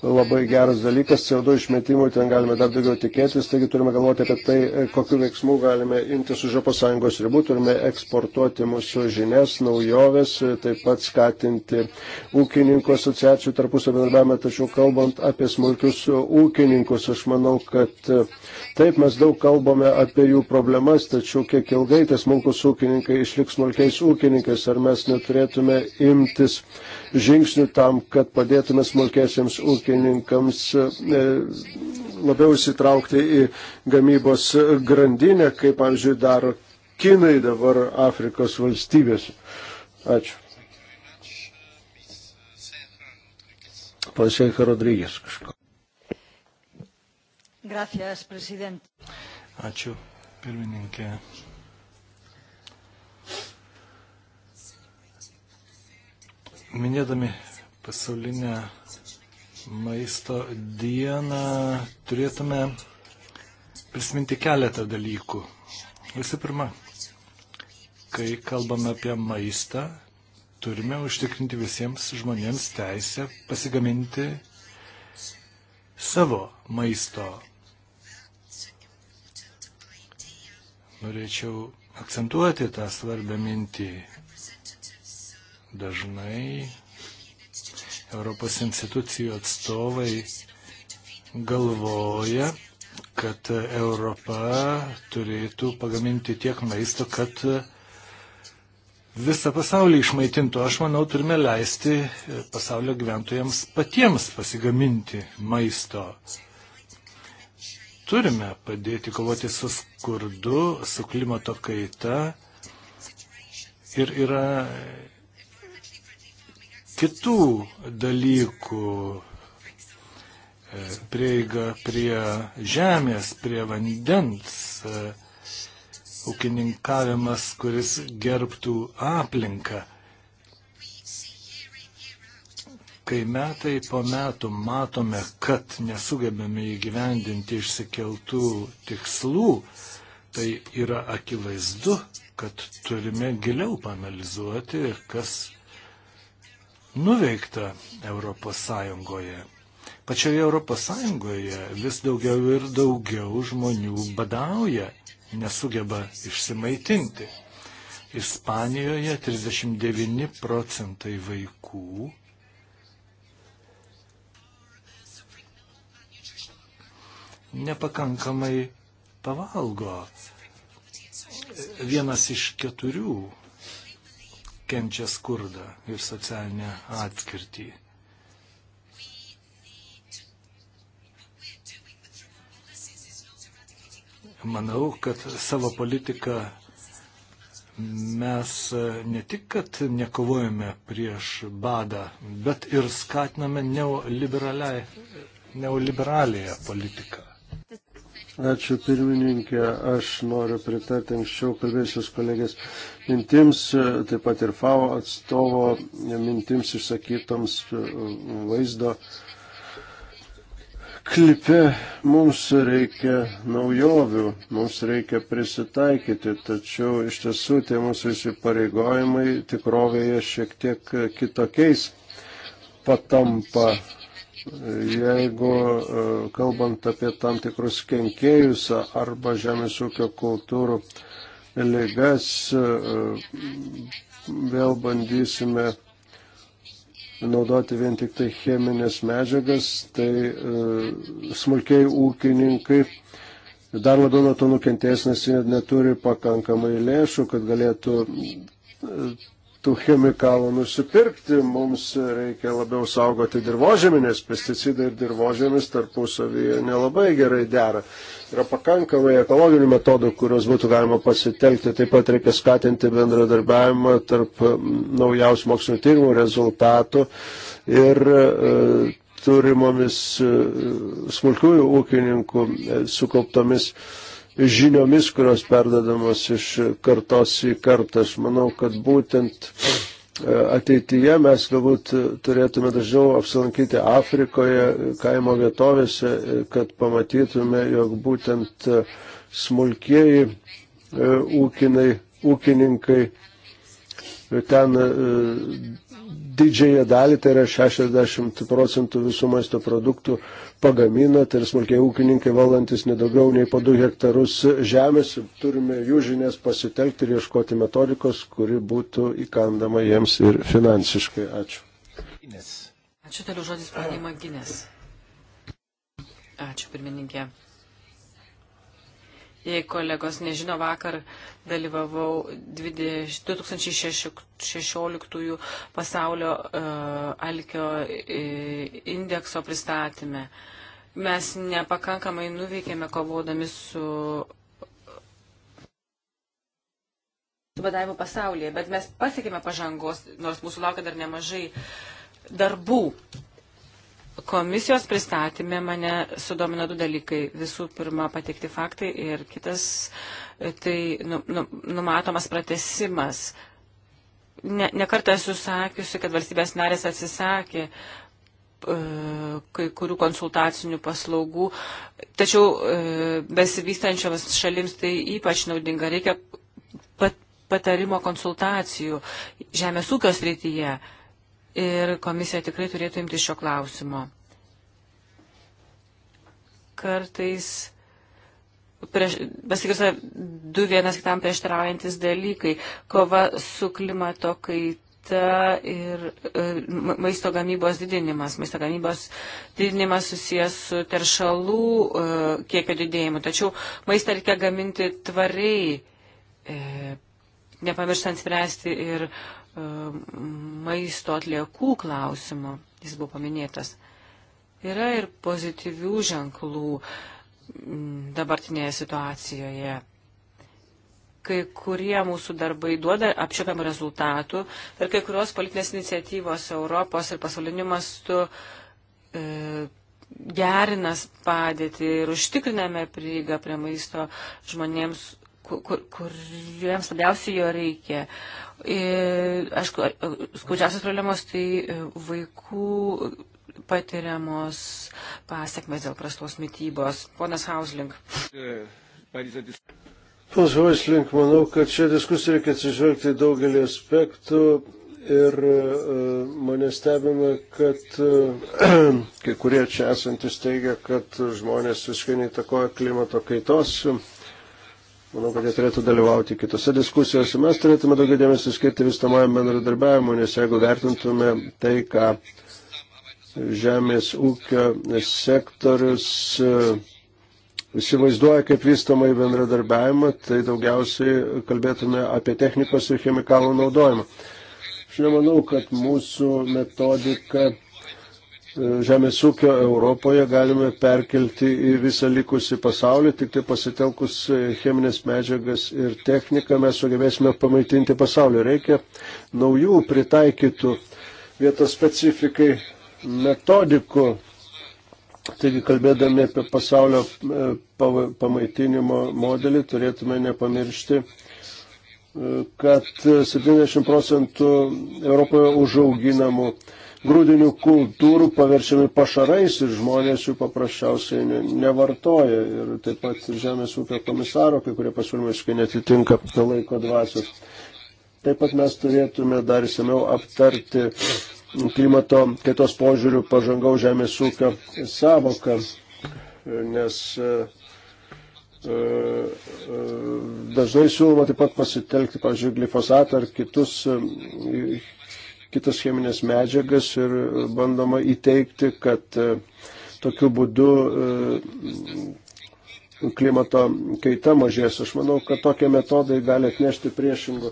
labai geras dalykas, CO2 išmetimų ten galime dar daugiau tikėtis, taigi turime galvoti apie tai, e, kokiu veiksmu galime imtis už ES ribų, turime eksportuoti mūsų žinias, naujoves, e, taip pat skatinti ūkininkų asociacijų tarpusio bendradarbiavimą, tačiau kalbant apie smulkius e, ūkininkus, aš manau, kad taip mes daug kalbame apie jų problemas, tačiau kiek ilgai tie smulkus ūkininkai išliks smulkiais ūkininkais, ar mes neturėtume imtis žingsnių tam, kad padėtume smulkėsiams ūkininkams e, labiau įsitraukti į gamybos grandinę, kaip, pavyzdžiui, daro Kinai dabar Afrikos valstybės. Ačiū. Paseika Rodrygės kažko. Gracias, presidente. Ačiū, pirmininkė. minėdami pasaulinę maisto dieną turėtume prisiminti keletą dalykų. Visų pirma, kai kalbame apie maistą, turime užtikrinti visiems žmonėms teisę pasigaminti savo maisto. Norėčiau akcentuoti tą svarbę mintį. Dažnai Europos institucijų atstovai galvoja, kad Europa turėtų pagaminti tiek maisto, kad visą pasaulį išmaitintų. Aš manau, turime leisti pasaulio gyventojams patiems pasigaminti maisto. Turime padėti kovoti su skurdu, su klimato kaita. Ir yra kitų dalykų e, prieiga prie žemės, prie vandens, e, ūkininkavimas, kuris gerbtų aplinką. Kai metai po metų matome, kad nesugebėme įgyvendinti išsikeltų tikslų, tai yra akivaizdu, kad turime giliau panalizuoti, kas nuveikta Europos Sąjungoje. Pačioje Europos Sąjungoje vis daugiau ir daugiau žmonių badauja, nesugeba išsimaitinti. Ispanijoje 39 procentai vaikų nepakankamai pavalgo. Vienas iš keturių kenčia skurdą ir socialinę atskirtį. Manau, kad savo politiką mes ne tik, kad nekovojame prieš badą, bet ir skatiname neoliberaliąją politiką. Ačiū pirmininkė, aš noriu pritarti anksčiau kalbėjusios kolegės mintims, e, taip pat ir FAO atstovo mintims išsakytoms e, vaizdo klipe. Mums reikia naujovių, mums reikia prisitaikyti, tačiau iš tiesų tie mūsų įsipareigojimai tikrovėje šiek tiek kitokiais patampa jeigu e, kalbant apie tam tikrus kenkėjus arba žemės ūkio kultūrų lygas, e, vėl bandysime naudoti vien tik tai cheminės medžiagas, tai e, smulkiai ūkininkai dar labiau nuo to nukentės, nes jie neturi pakankamai lėšų, kad galėtų tų chemikalų nusipirkti, mums reikia labiau saugoti dirbožėmį, nes pesticidai ir dirbožėmis tarpusavyje nelabai gerai dera. Yra pakankamai ekologinių metodų, kuriuos būtų galima pasitelkti. Taip pat reikia skatinti bendradarbiavimą tarp naujausių mokslinio tyrimų rezultatų ir e, turimomis e, smulkiųjų ūkininkų e, sukauptomis žiniomis, kurios perdodamos iš kartos į kartą. Aš manau, kad būtent e, ateityje mes galbūt turėtume dažniau apsilankyti Afrikoje, kaimo vietovėse, e, kad pamatytume, jog būtent e, smulkieji ūkinai, ūkininkai ten didžiąją dalį, tai yra 60 procentų visų maisto produktų pagamina, tai yra smulkiai ūkininkai valantis nedaugiau nei po 2 hektarus žemės. Turime jų žinias pasitelkti ir ieškoti metodikos, kuri būtų įkandama jiems ir finansiškai. Ačiū. Ačiū toliau žodis pradėjimą Ginės. Ačiū pirmininkė. Jei kolegos nežino, vakar dalyvavau 2016 pasaulio uh, alkio uh, indekso pristatymę. Mes nepakankamai nuveikėme kovodami su badavimu pasaulyje, bet mes pasiekėme pažangos, nors mūsų laukia dar nemažai darbų. Komisijos pristatymė mane sudomino du dalykai. Visų pirma, pateikti faktai ir kitas, e, tai nu, nu, numatomas pratesimas. Ne, nekartą esu sakiusi, kad valstybės narės atsisakė e, kai kurių konsultacinių paslaugų, tačiau e, besivystančioms šalims tai ypač naudinga. Reikia pat, patarimo konsultacijų žemės ūkio srityje. E, ir komisija tikrai turėtų imti šio klausimo. Kartais pasigirsta du vienas kitam prieštaraujantis dalykai - kova su klimato kaita ir e, maisto gamybos didinimas. Maisto gamybos didinimas susijęs su teršalų e, kiekio didėjimu, tačiau maistą reikia gaminti tvariai, e, nepamirštant spręsti ir uh, E, maisto atliekų klausimo, jis buvo paminėtas. Yra ir pozityvių ženklų dabartinėje situacijoje. Kai kurie mūsų darbai duoda apčiopiam rezultatų ir kai kurios politinės iniciatyvos Europos ir pasauliniu mastu e, gerinas padėti ir užtikriname prieigą prie maisto žmonėms, kur, kuriems labiausiai jo reikia. Ir, aišku, skaudžiausias problemos tai e, vaikų patiriamos pasiekmes dėl prastos mytybos. Ponas Hauslink. Ponas Hauslink, manau, kad šią diskusiją reikia atsižvelgti daugelį aspektų ir e, mane stebina, kad e, (clears throat) kai kurie čia esantis teigia, kad žmonės visiškai neįtakoja klimato kaitos Manau, kad jie turėtų dalyvauti kitose diskusijose. Mes turėtume daugiau dėmesio skirti vystamajam bendradarbiavimui, nes jeigu vertintume tai, ką žemės ūkio sektorius e, įsivaizduoja kaip vystamą į bendradarbiavimą, tai daugiausiai kalbėtume apie technikos ir chemikalų naudojimą. Aš nemanau, kad mūsų metodika žemės ūkio Europoje galime perkelti į visą likusį pasaulį, tik tai pasitelkus cheminės medžiagas ir techniką mes sugebėsime pamaitinti pasaulį. Reikia naujų pritaikytų vietos specifikai metodikų. Taigi, kalbėdami apie pasaulio e, pamaitinimo modelį, turėtume nepamiršti e, kad 70 e, procentų Europoje užauginamų grūdinių kultūrų paverčiami pašarais ir žmonės jų paprasčiausiai ne, nevartoja. Ir taip pat Žemės ūkio komisaro, kai kurie pasiūlymai visiškai netitinka laiko dvasios. Taip pat mes turėtume dar įsamiau aptarti klimato kaitos požiūrių pažangau Žemės ūkio savoką, nes e, e, e, dažnai siūloma taip pat pasitelkti, pavyzdžiui, glifosatą ar kitus kitas cheminės medžiagas ir bandoma įteikti, kad e, tokiu būdu e, klimato kaita mažės. Aš manau, kad tokie metodai gali atnešti priešingų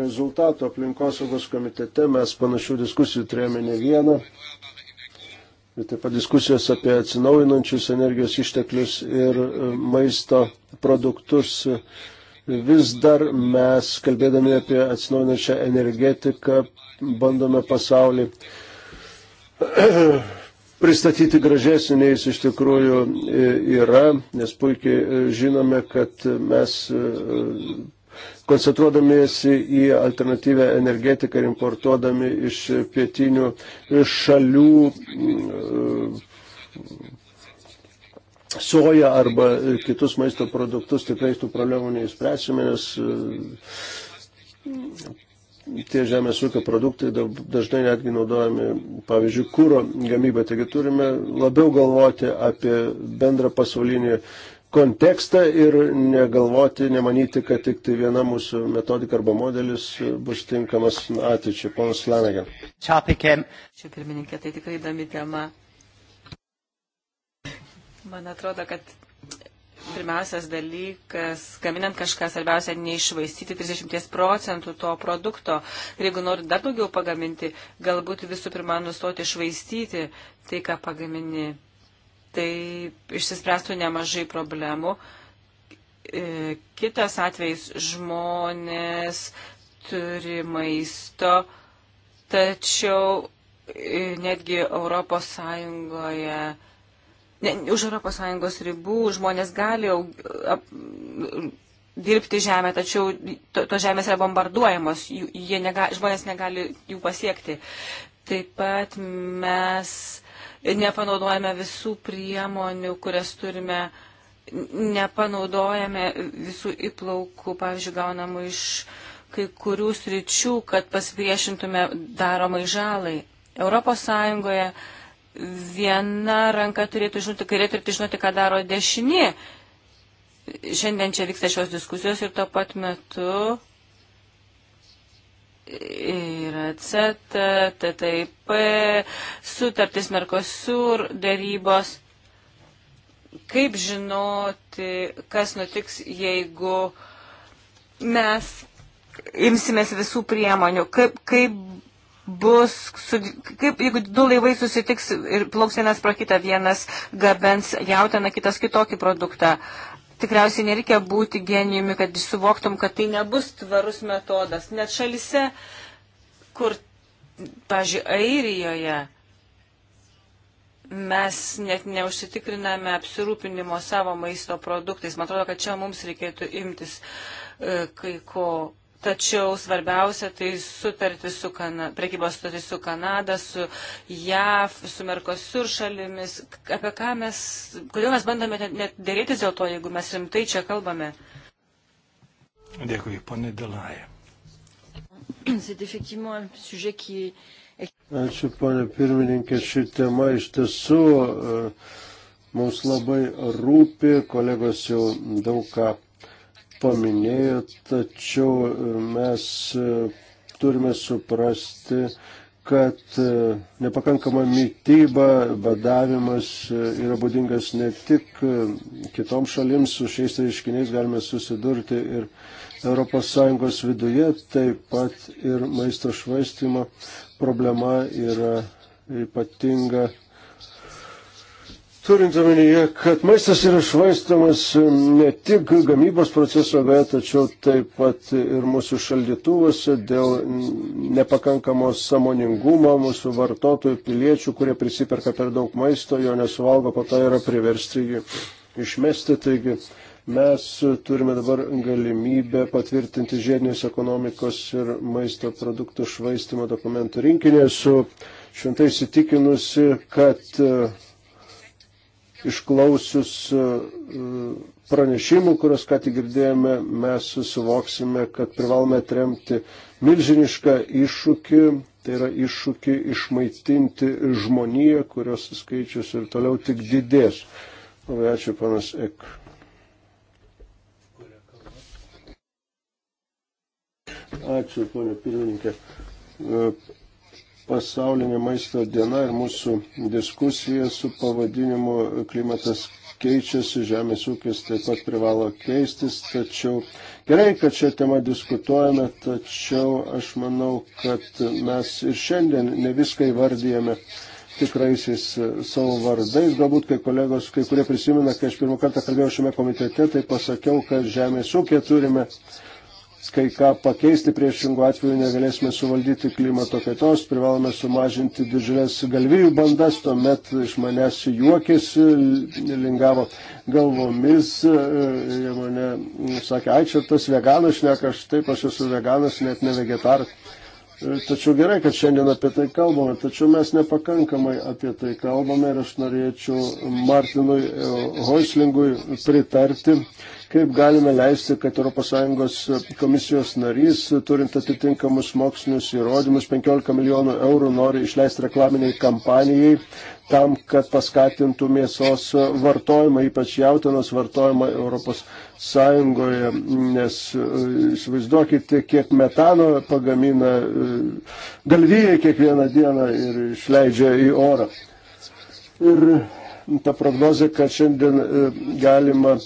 rezultatų. Aplinkosaugos komitete mes panašių diskusijų turėjome ne vieną. Ir taip pat diskusijos apie atsinaujinančius energijos išteklius ir e, maisto produktus vis dar mes, kalbėdami apie atsinaujinančią energetiką, bandome pasaulį (clears throat) pristatyti gražesnį, nei jis iš tikrųjų yra, nes puikiai e, žinome, kad mes e, koncentruodamiesi į alternatyvę energetiką ir importuodami iš pietinių šalių e, soją arba kitus maisto produktus, tikrai tų problemų neįspręsime, nes e, tie žemės ūkio produktai dažnai netgi naudojami, pavyzdžiui, kūro gamybą. Taigi turime labiau galvoti apie bendrą pasaulinį kontekstą ir negalvoti, nemanyti, kad tik tai viena mūsų metodika arba modelis bus tinkamas ateičiai. Ponas Lenagė. Čia apikėm. Čia pirmininkė, tai tikrai įdomi tema. Man atrodo, kad pirmiausias dalykas, gaminant kažką, svarbiausia neišvaistyti 30 procentų to produkto. Ir jeigu nori dar daugiau pagaminti, galbūt visų pirma nustoti švaistyti tai, ką pagamini. Tai išsispręstų nemažai problemų. E, kitas atvejs žmonės turi maisto, tačiau e, netgi Europos Sąjungoje ne, už ES ribų žmonės gali ap, dirbti žemę, tačiau to, to žemės yra bombarduojamos, jų, nega, žmonės negali jų pasiekti. Taip pat mes nepanaudojame visų priemonių, kurias turime, nepanaudojame visų įplaukų, pavyzdžiui, gaunamų iš kai kurių sričių, kad pasipriešintume daromai žalai. Europos Sąjungoje viena ranka turėtų žinoti, kairė turėtų žinoti, ką daro dešinė. Šiandien čia vyksta šios diskusijos ir tuo pat metu yra CETA, TTIP, sutartis Mercosur, darybos. Kaip žinoti, kas nutiks, jeigu mes imsimės visų priemonių, kaip, kaip bus, su, kaip jeigu du laivai susitiks ir plauks vienas pro kitą, vienas gabens jautieną, kitas kitokį produktą. Tikriausiai nereikia būti genijumi, kad suvoktum, kad tai nebus tvarus metodas. Net šalise, kur, pažiūrėjau, Airijoje mes net neužsitikriname apsirūpinimo savo maisto produktais. Man atrodo, kad čia mums reikėtų imtis e, kai ko Tačiau svarbiausia tai sutartis su Kana, prekybos sutartis su Kanada, su JAV, su Merkosur šalimis. Apie ką mes, kodėl mes bandome net, net dėrėtis dėl to, jeigu mes rimtai čia kalbame? Dėkui, ponė Delaja. (clears throat) Ačiū, ponė pirmininkė, ši tema iš tiesų e, mums labai rūpi, kolegos jau daug ką paminėjo, tačiau e, mes e, turime suprasti, kad e, nepakankama mytyba, badavimas yra būdingas ne tik kitoms šalims, su šiais reiškiniais galime susidurti ir ES viduje, taip pat ir maisto švaistimo problema yra ypatinga Turint omenyje, kad maistas yra švaistamas ne tik gamybos proceso, bet tačiau taip pat ir mūsų šaldytuvose dėl nepakankamo samoningumo mūsų vartotojų piliečių, kurie prisiperka per daug maisto, jo nesuvalgo, po to yra priversti jį išmesti. Taigi mes turime dabar galimybę patvirtinti žiedinės ekonomikos ir maisto produktų švaistimo dokumentų rinkinį. Esu šventai įsitikinusi, kad išklausius e, e, pranešimų, kuriuos ką tik girdėjome, mes susivoksime, kad privalome atremti milžinišką iššūkį, tai yra iššūkį išmaitinti žmoniją, kurios skaičius ir toliau tik didės. Labai ačiū, panas Ek. Ačiū, ponė pirmininkė. E, pasaulinė maisto diena ir mūsų diskusija su pavadinimu klimatas keičiasi, žemės ūkis taip pat privalo keistis, tačiau gerai, kad šią temą diskutuojame, tačiau aš manau, kad mes ir šiandien ne viską įvardyjame tikraisiais savo vardais. Galbūt kai kolegos, kai kurie prisimena, kai aš pirmą kartą kalbėjau šiame komitete, tai pasakiau, kad žemės ūkė turime kai ką pakeisti, priešingų atveju negalėsime suvaldyti klimato kaitos, privalome sumažinti didžiulės galvijų bandas, tuomet iš manęs juokėsi, lingavo galvomis, e, jie mane sakė, ai čia tas veganas šneka, aš taip, aš esu veganas, net ne vegetaras. E, tačiau gerai, kad šiandien apie tai kalbame, tačiau mes nepakankamai apie tai kalbame ir aš norėčiau Martinui e, Hoislingui pritarti Kaip galime leisti, kad ES komisijos narys, turint atitinkamus mokslinius įrodymus, 15 milijonų eurų nori išleisti reklaminiai kampanijai tam, kad paskatintų mėsos vartojimą, ypač jautinos vartojimą ES, nes e, įsivaizduokite, kiek metano pagamina e, galvijai kiekvieną dieną ir išleidžia į orą. Ir ta prognozija, kad šiandien e, galima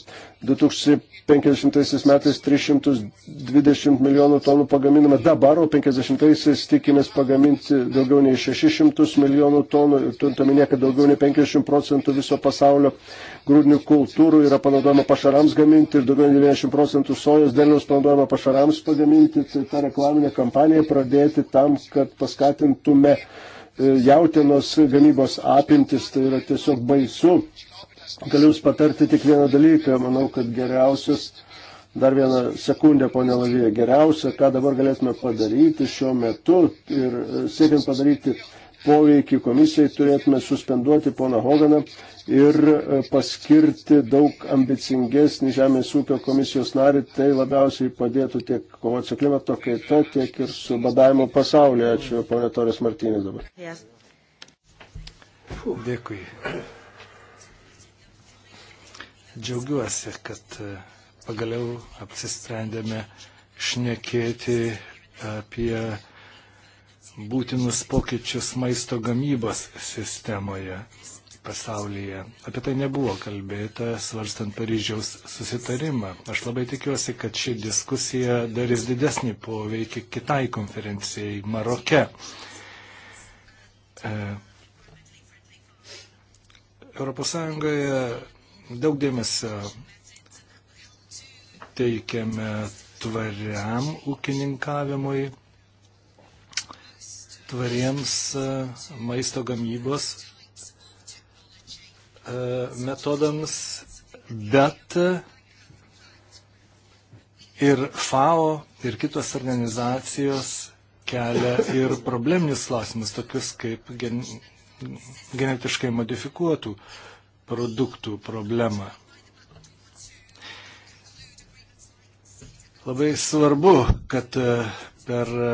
2050 metais 320 milijonų tonų pagaminama dabar, o 50-aisiais tikimės pagaminti daugiau nei 600 milijonų tonų. Ir turint omenyje, kad daugiau nei 50 procentų viso pasaulio grūdinių kultūrų yra panaudojama pašarams gaminti ir daugiau nei 90 procentų sojos derliaus panaudojama pašarams pagaminti, tai tą reklaminę kampaniją pradėti tam, kad paskatintume e, jautienos gamybos apimtis. Tai yra tiesiog baisu Galiu Jums patarti tik vieną dalyką. Manau, kad geriausias, dar vieną sekundę, ponė Lavija, geriausia, ką dabar galėtume padaryti šiuo metu ir e, siekiant padaryti poveikį komisijai, turėtume suspenduoti poną Hoganą ir e, paskirti daug ambicingesnį Žemės ūkio komisijos narį. Tai labiausiai padėtų tiek kovoti su klimato kaita, tiek ir su badavimo pasaulyje. Ačiū, ponė Torės Martynės dabar. Yes. Dėkui. Džiaugiuosi, kad e, pagaliau apsisprendėme šnekėti apie būtinus pokyčius maisto gamybos sistemoje pasaulyje. Apie tai nebuvo kalbėta, svarstant Paryžiaus susitarimą. Aš labai tikiuosi, kad ši diskusija darys didesnį poveikį kitai konferencijai Maroke. E, Europos Sąjungoje Daug dėmesio teikiame tvariam ūkininkavimui, tvariems e, maisto gamybos e, metodams, bet ir FAO ir kitos organizacijos kelia ir probleminius klausimus, tokius kaip gen, genetiškai modifikuotų uh, produktų problemą. Labai svarbu, kad e, per e,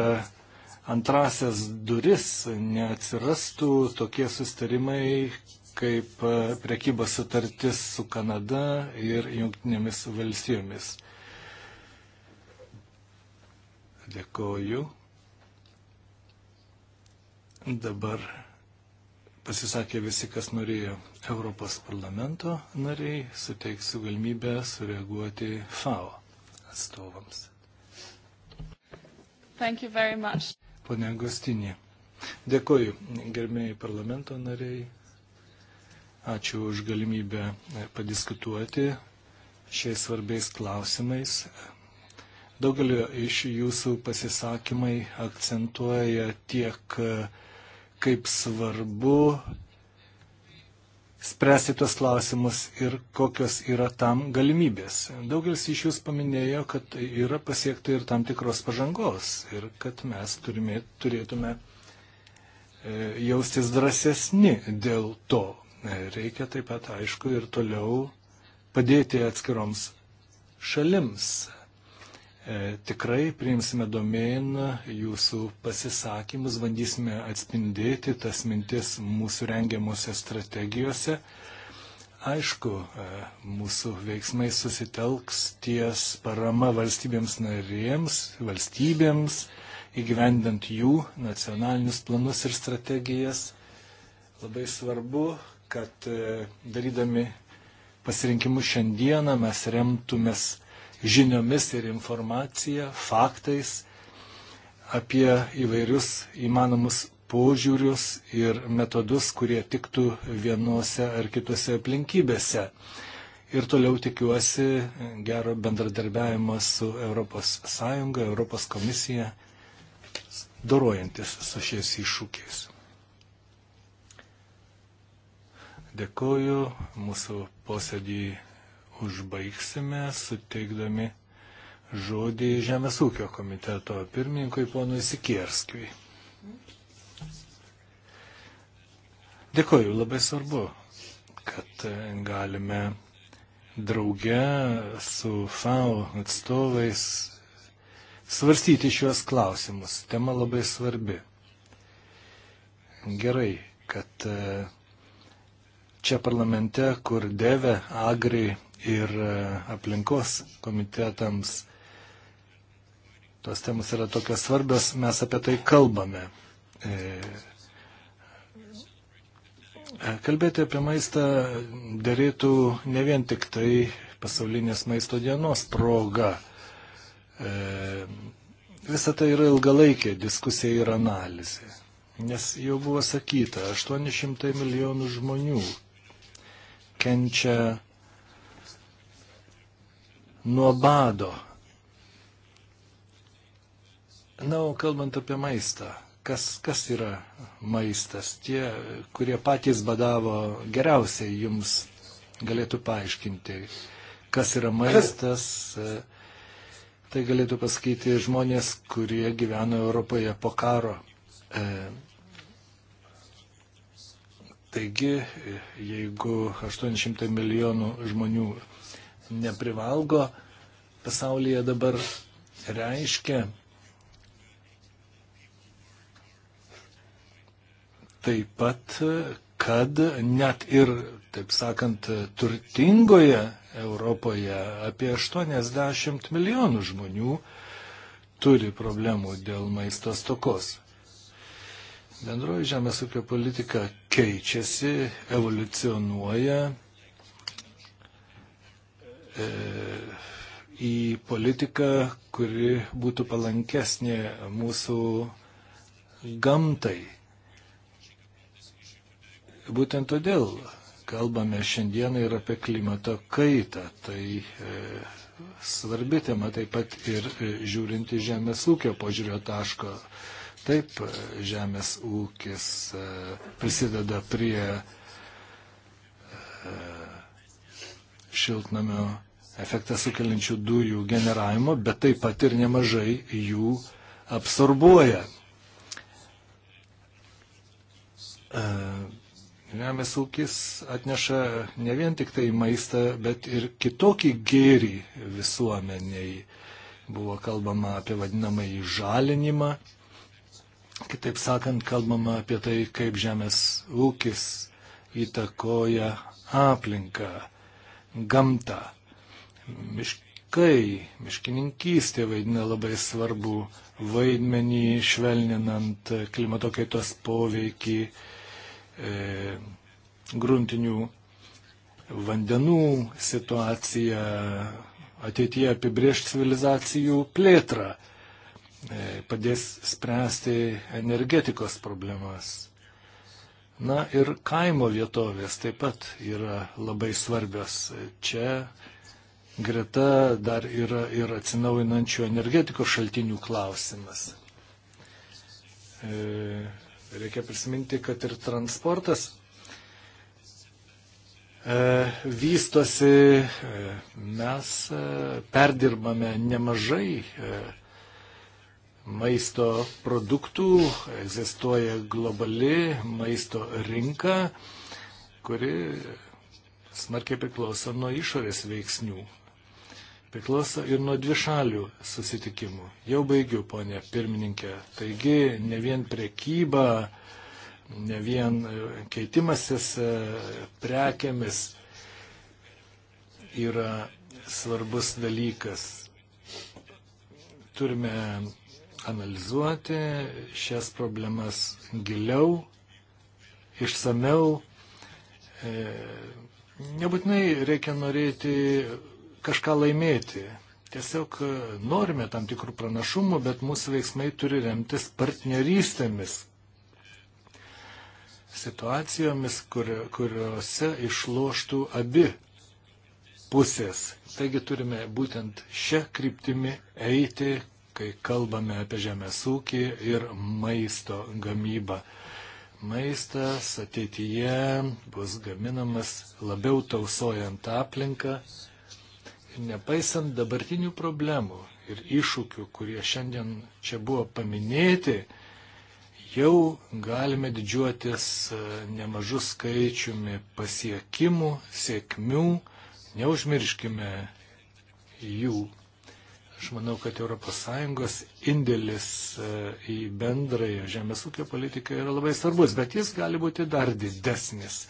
antrasias duris neatsirastų tokie sustarimai kaip e, prekybos sutartis su Kanada ir jungtinėmis valstybėmis. Dėkoju. Dabar pasisakė visi, kas norėjo Europos parlamento nariai, suteiksiu galimybę sureaguoti FAO atstovams. Pone Agostinė, dėkoju gerbėjai parlamento nariai, ačiū už galimybę padiskutuoti šiais svarbiais klausimais. Daugelio iš jūsų pasisakymai akcentuoja tiek uh, kaip svarbu spręsti tuos klausimus ir kokios yra tam galimybės. Daugelis iš jūs paminėjo, kad tai yra pasiekta ir tam tikros pažangos ir kad mes turime, turėtume e, jaustis drąsesni dėl to. E, reikia taip pat, aišku, ir toliau padėti atskiroms šalims. E, tikrai priimsime domen jūsų pasisakymus, bandysime atspindėti tas mintis mūsų rengiamuose strategijose. Aišku, e, mūsų veiksmai susitelks ties parama valstybėms narėms, valstybėms, įgyvendant jų nacionalinius planus ir strategijas. Labai svarbu, kad e, darydami pasirinkimus šiandieną mes remtumės žiniomis ir informacija, faktais apie įvairius įmanomus požiūrius ir metodus, kurie tiktų vienose ar kitose aplinkybėse. Ir toliau tikiuosi gero bendradarbiavimo su ES, ES komisija, dorojantis su šiais iššūkiais. Dėkoju, mūsų posėdį užbaigsime suteikdami žodį Žemės ūkio komiteto pirmininkui ponui Sikierskijui. Dėkoju, labai svarbu, kad galime drauge su FAO atstovais svarstyti šiuos klausimus. Tema labai svarbi. Gerai, kad e, čia parlamente, kur Deve, Agri ir e, aplinkos komitetams tos temos yra tokios svarbios, mes apie tai kalbame. E, e, kalbėti apie maistą dėrėtų ne vien tik tai pasaulinės maisto dienos proga. Visa tai yra ilgalaikė diskusija ir analizė. Nes jau buvo sakyta, 800 milijonų žmonių kenčia nuo bado. Na, o kalbant apie maistą, kas, kas yra maistas? Tie, kurie patys badavo, geriausiai jums galėtų paaiškinti, kas yra maistas. E, tai galėtų pasakyti žmonės, kurie gyveno Europoje po karo. E, taigi, e, jeigu 800 milijonų žmonių neprivalgo pasaulyje dabar reiškia taip pat, kad net ir, taip sakant, turtingoje Europoje apie 80 milijonų žmonių turi problemų dėl maisto stokos. Bendroji žemės ūkio politika keičiasi, evoliucionuoja, E, į politiką, kuri būtų palankesnė mūsų gamtai. Būtent todėl kalbame šiandieną ir apie klimato kaitą. Tai e, svarbi tema taip pat ir e, žiūrinti žemės ūkio požiūrio taško. Taip, e, žemės ūkis e, prisideda prie e, šiltnamio efektą sukeliančių dujų generavimo, bet taip pat ir nemažai jų absorbuoja. E, žemės ūkis atneša ne vien tik tai maistą, bet ir kitokį gėrį visuomeniai. Buvo kalbama apie vadinamąjį žalinimą. Kitaip sakant, kalbama apie tai, kaip žemės ūkis įtakoja aplinką, gamtą. Miškai, miškininkystė vaidina labai svarbu vaidmenį, švelninant klimato kaitos poveikį e, gruntinių vandenų situaciją, ateityje apibriež civilizacijų plėtrą, e, padės spręsti energetikos problemas. Na ir kaimo vietovės taip pat yra labai svarbios. Čia greta dar yra ir atsinaujinančių energetikos šaltinių klausimas. E, reikia prisiminti, kad ir transportas e, vystosi, e, mes perdirbame nemažai maisto produktų, egzistuoja globali maisto rinka, kuri smarkiai priklauso nuo išorės veiksnių priklauso ir nuo dvišalių susitikimų. Jau baigiu, ponė pirmininkė. Taigi ne vien prekyba, ne vien e, keitimasis e, prekiamis yra svarbus dalykas. Turime analizuoti šias problemas giliau, išsameu. E, nebūtinai reikia norėti kažką laimėti. Tiesiog e, norime tam tikrų pranašumų, bet mūsų veiksmai turi remtis partnerystėmis, situacijomis, kur, kuriuose išloštų abi pusės. Taigi turime būtent šią kryptimį eiti, kai kalbame apie žemės ūkį ir maisto gamybą. Maistas ateityje bus gaminamas labiau tausojant aplinką, nepaisant dabartinių problemų ir iššūkių, kurie šiandien čia buvo paminėti, jau galime didžiuotis e, nemažu skaičiumi pasiekimų, sėkmių, neužmirškime jų. Aš manau, kad ES indėlis e, į bendrąją žemės ūkio politiką yra labai svarbus, bet jis gali būti dar didesnis.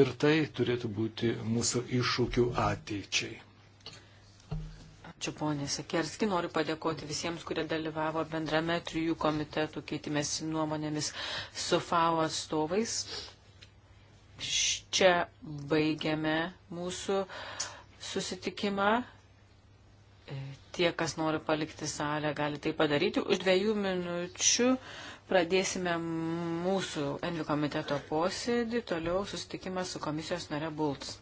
Ir tai turėtų būti mūsų iššūkių ateičiai. Ačiū ponė Sekerski, noriu padėkoti visiems, kurie dalyvavo bendrame trijų komitetų keitimėsi nuomonėmis su FAO atstovais. Čia baigiame mūsų susitikimą. E, tie, kas nori palikti salę, gali tai padaryti. Už dviejų minučių pradėsime mūsų Envi komiteto posėdį, toliau susitikimas su komisijos nare Bults.